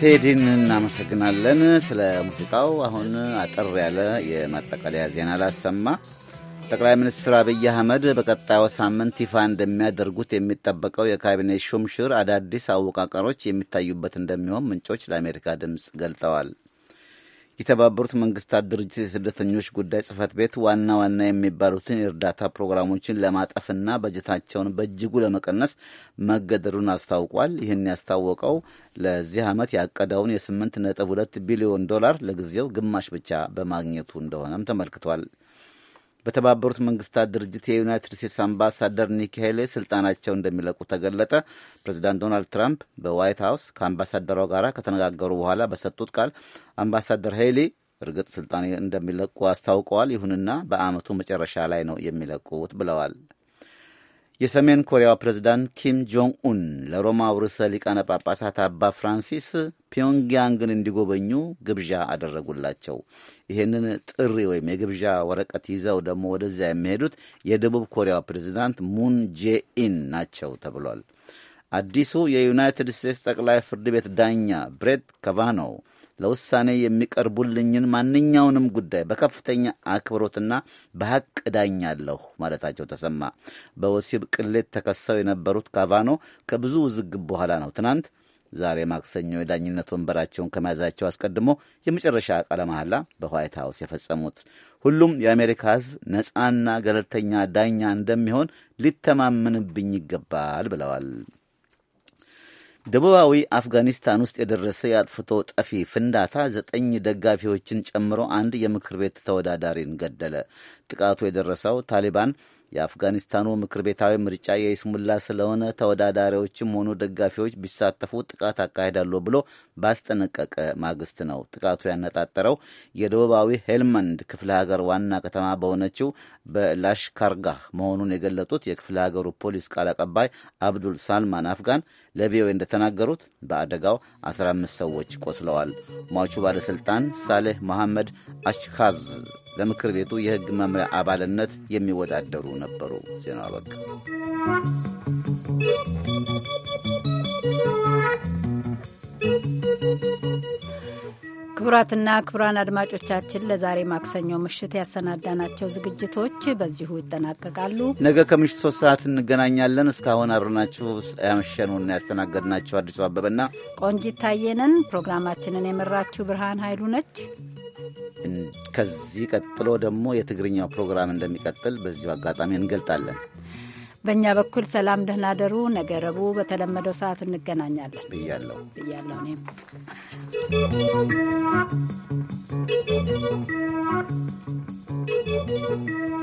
ቴዲን እናመሰግናለን ስለ ሙዚቃው። አሁን አጠር ያለ የማጠቃለያ ዜና ላሰማ። ጠቅላይ ሚኒስትር አብይ አህመድ በቀጣዩ ሳምንት ይፋ እንደሚያደርጉት የሚጠበቀው የካቢኔት ሹምሽር አዳዲስ አወቃቀሮች የሚታዩበት እንደሚሆን ምንጮች ለአሜሪካ ድምፅ ገልጠዋል። የተባበሩት መንግስታት ድርጅት የስደተኞች ጉዳይ ጽህፈት ቤት ዋና ዋና የሚባሉትን የእርዳታ ፕሮግራሞችን ለማጠፍና በጀታቸውን በእጅጉ ለመቀነስ መገደዱን አስታውቋል። ይህን ያስታወቀው ለዚህ ዓመት ያቀደውን የ8.2 ቢሊዮን ዶላር ለጊዜው ግማሽ ብቻ በማግኘቱ እንደሆነም ተመልክቷል። በተባበሩት መንግስታት ድርጅት የዩናይትድ ስቴትስ አምባሳደር ኒኪ ሄሌ ስልጣናቸው እንደሚለቁ ተገለጠ። ፕሬዚዳንት ዶናልድ ትራምፕ በዋይት ሀውስ ከአምባሳደሯ ጋር ከተነጋገሩ በኋላ በሰጡት ቃል አምባሳደር ሄሊ እርግጥ ስልጣን እንደሚለቁ አስታውቀዋል። ይሁንና በአመቱ መጨረሻ ላይ ነው የሚለቁት ብለዋል። የሰሜን ኮሪያው ፕሬዝዳንት ኪም ጆንግ ኡን ለሮማው ርዕሰ ሊቃነ ጳጳሳት አባ ፍራንሲስ ፒዮንግያንግን እንዲጎበኙ ግብዣ አደረጉላቸው። ይህንን ጥሪ ወይም የግብዣ ወረቀት ይዘው ደግሞ ወደዚያ የሚሄዱት የደቡብ ኮሪያው ፕሬዝዳንት ሙን ጄኢን ናቸው ተብሏል። አዲሱ የዩናይትድ ስቴትስ ጠቅላይ ፍርድ ቤት ዳኛ ብሬት ካቫኖ ለውሳኔ የሚቀርቡልኝን ማንኛውንም ጉዳይ በከፍተኛ አክብሮትና በሐቅ እዳኛለሁ ማለታቸው ተሰማ። በወሲብ ቅሌት ተከሰው የነበሩት ካቫኖ ከብዙ ውዝግብ በኋላ ነው ትናንት ዛሬ ማክሰኞ የዳኝነት ወንበራቸውን ከመያዛቸው አስቀድሞ የመጨረሻ ቃለ መሐላ በዋይት ሀውስ የፈጸሙት። ሁሉም የአሜሪካ ሕዝብ ነፃና ገለልተኛ ዳኛ እንደሚሆን ሊተማመንብኝ ይገባል ብለዋል። ደቡባዊ አፍጋኒስታን ውስጥ የደረሰ የአጥፍቶ ጠፊ ፍንዳታ ዘጠኝ ደጋፊዎችን ጨምሮ አንድ የምክር ቤት ተወዳዳሪን ገደለ። ጥቃቱ የደረሰው ታሊባን የአፍጋኒስታኑ ምክር ቤታዊ ምርጫ የይስሙላ ስለሆነ ተወዳዳሪዎችም ሆኑ ደጋፊዎች ቢሳተፉ ጥቃት አካሄዳሉ ብሎ ባስጠነቀቀ ማግስት ነው። ጥቃቱ ያነጣጠረው የደቡባዊ ሄልመንድ ክፍለ ሀገር ዋና ከተማ በሆነችው በላሽካርጋ መሆኑን የገለጡት የክፍለ ሀገሩ ፖሊስ ቃል አቀባይ አብዱል ሳልማን አፍጋን ለቪኦኤ እንደተናገሩት በአደጋው 15 ሰዎች ቆስለዋል። ሟቹ ባለሥልጣን ሳሌህ መሐመድ አሽካዝ ለምክር ቤቱ የሕግ መምሪያ አባልነት የሚወዳደሩ ነበሩ። ዜናው አበቃ። ክቡራትና ክቡራን አድማጮቻችን ለዛሬ ማክሰኞ ምሽት ያሰናዳናቸው ዝግጅቶች በዚሁ ይጠናቀቃሉ። ነገ ከምሽት ሶስት ሰዓት እንገናኛለን። እስካሁን አብረናችሁ ያመሸኑና ያስተናገድናችሁ አዲሱ አበበና ቆንጂት ታየንን፣ ፕሮግራማችንን የመራችሁ ብርሃን ኃይሉ ነች። ከዚህ ቀጥሎ ደግሞ የትግርኛው ፕሮግራም እንደሚቀጥል በዚሁ አጋጣሚ እንገልጣለን። በእኛ በኩል ሰላም፣ ደህና ደሩ። ነገ ረቡዕ በተለመደው ሰዓት እንገናኛለን ብያለሁ ብያለሁ እኔም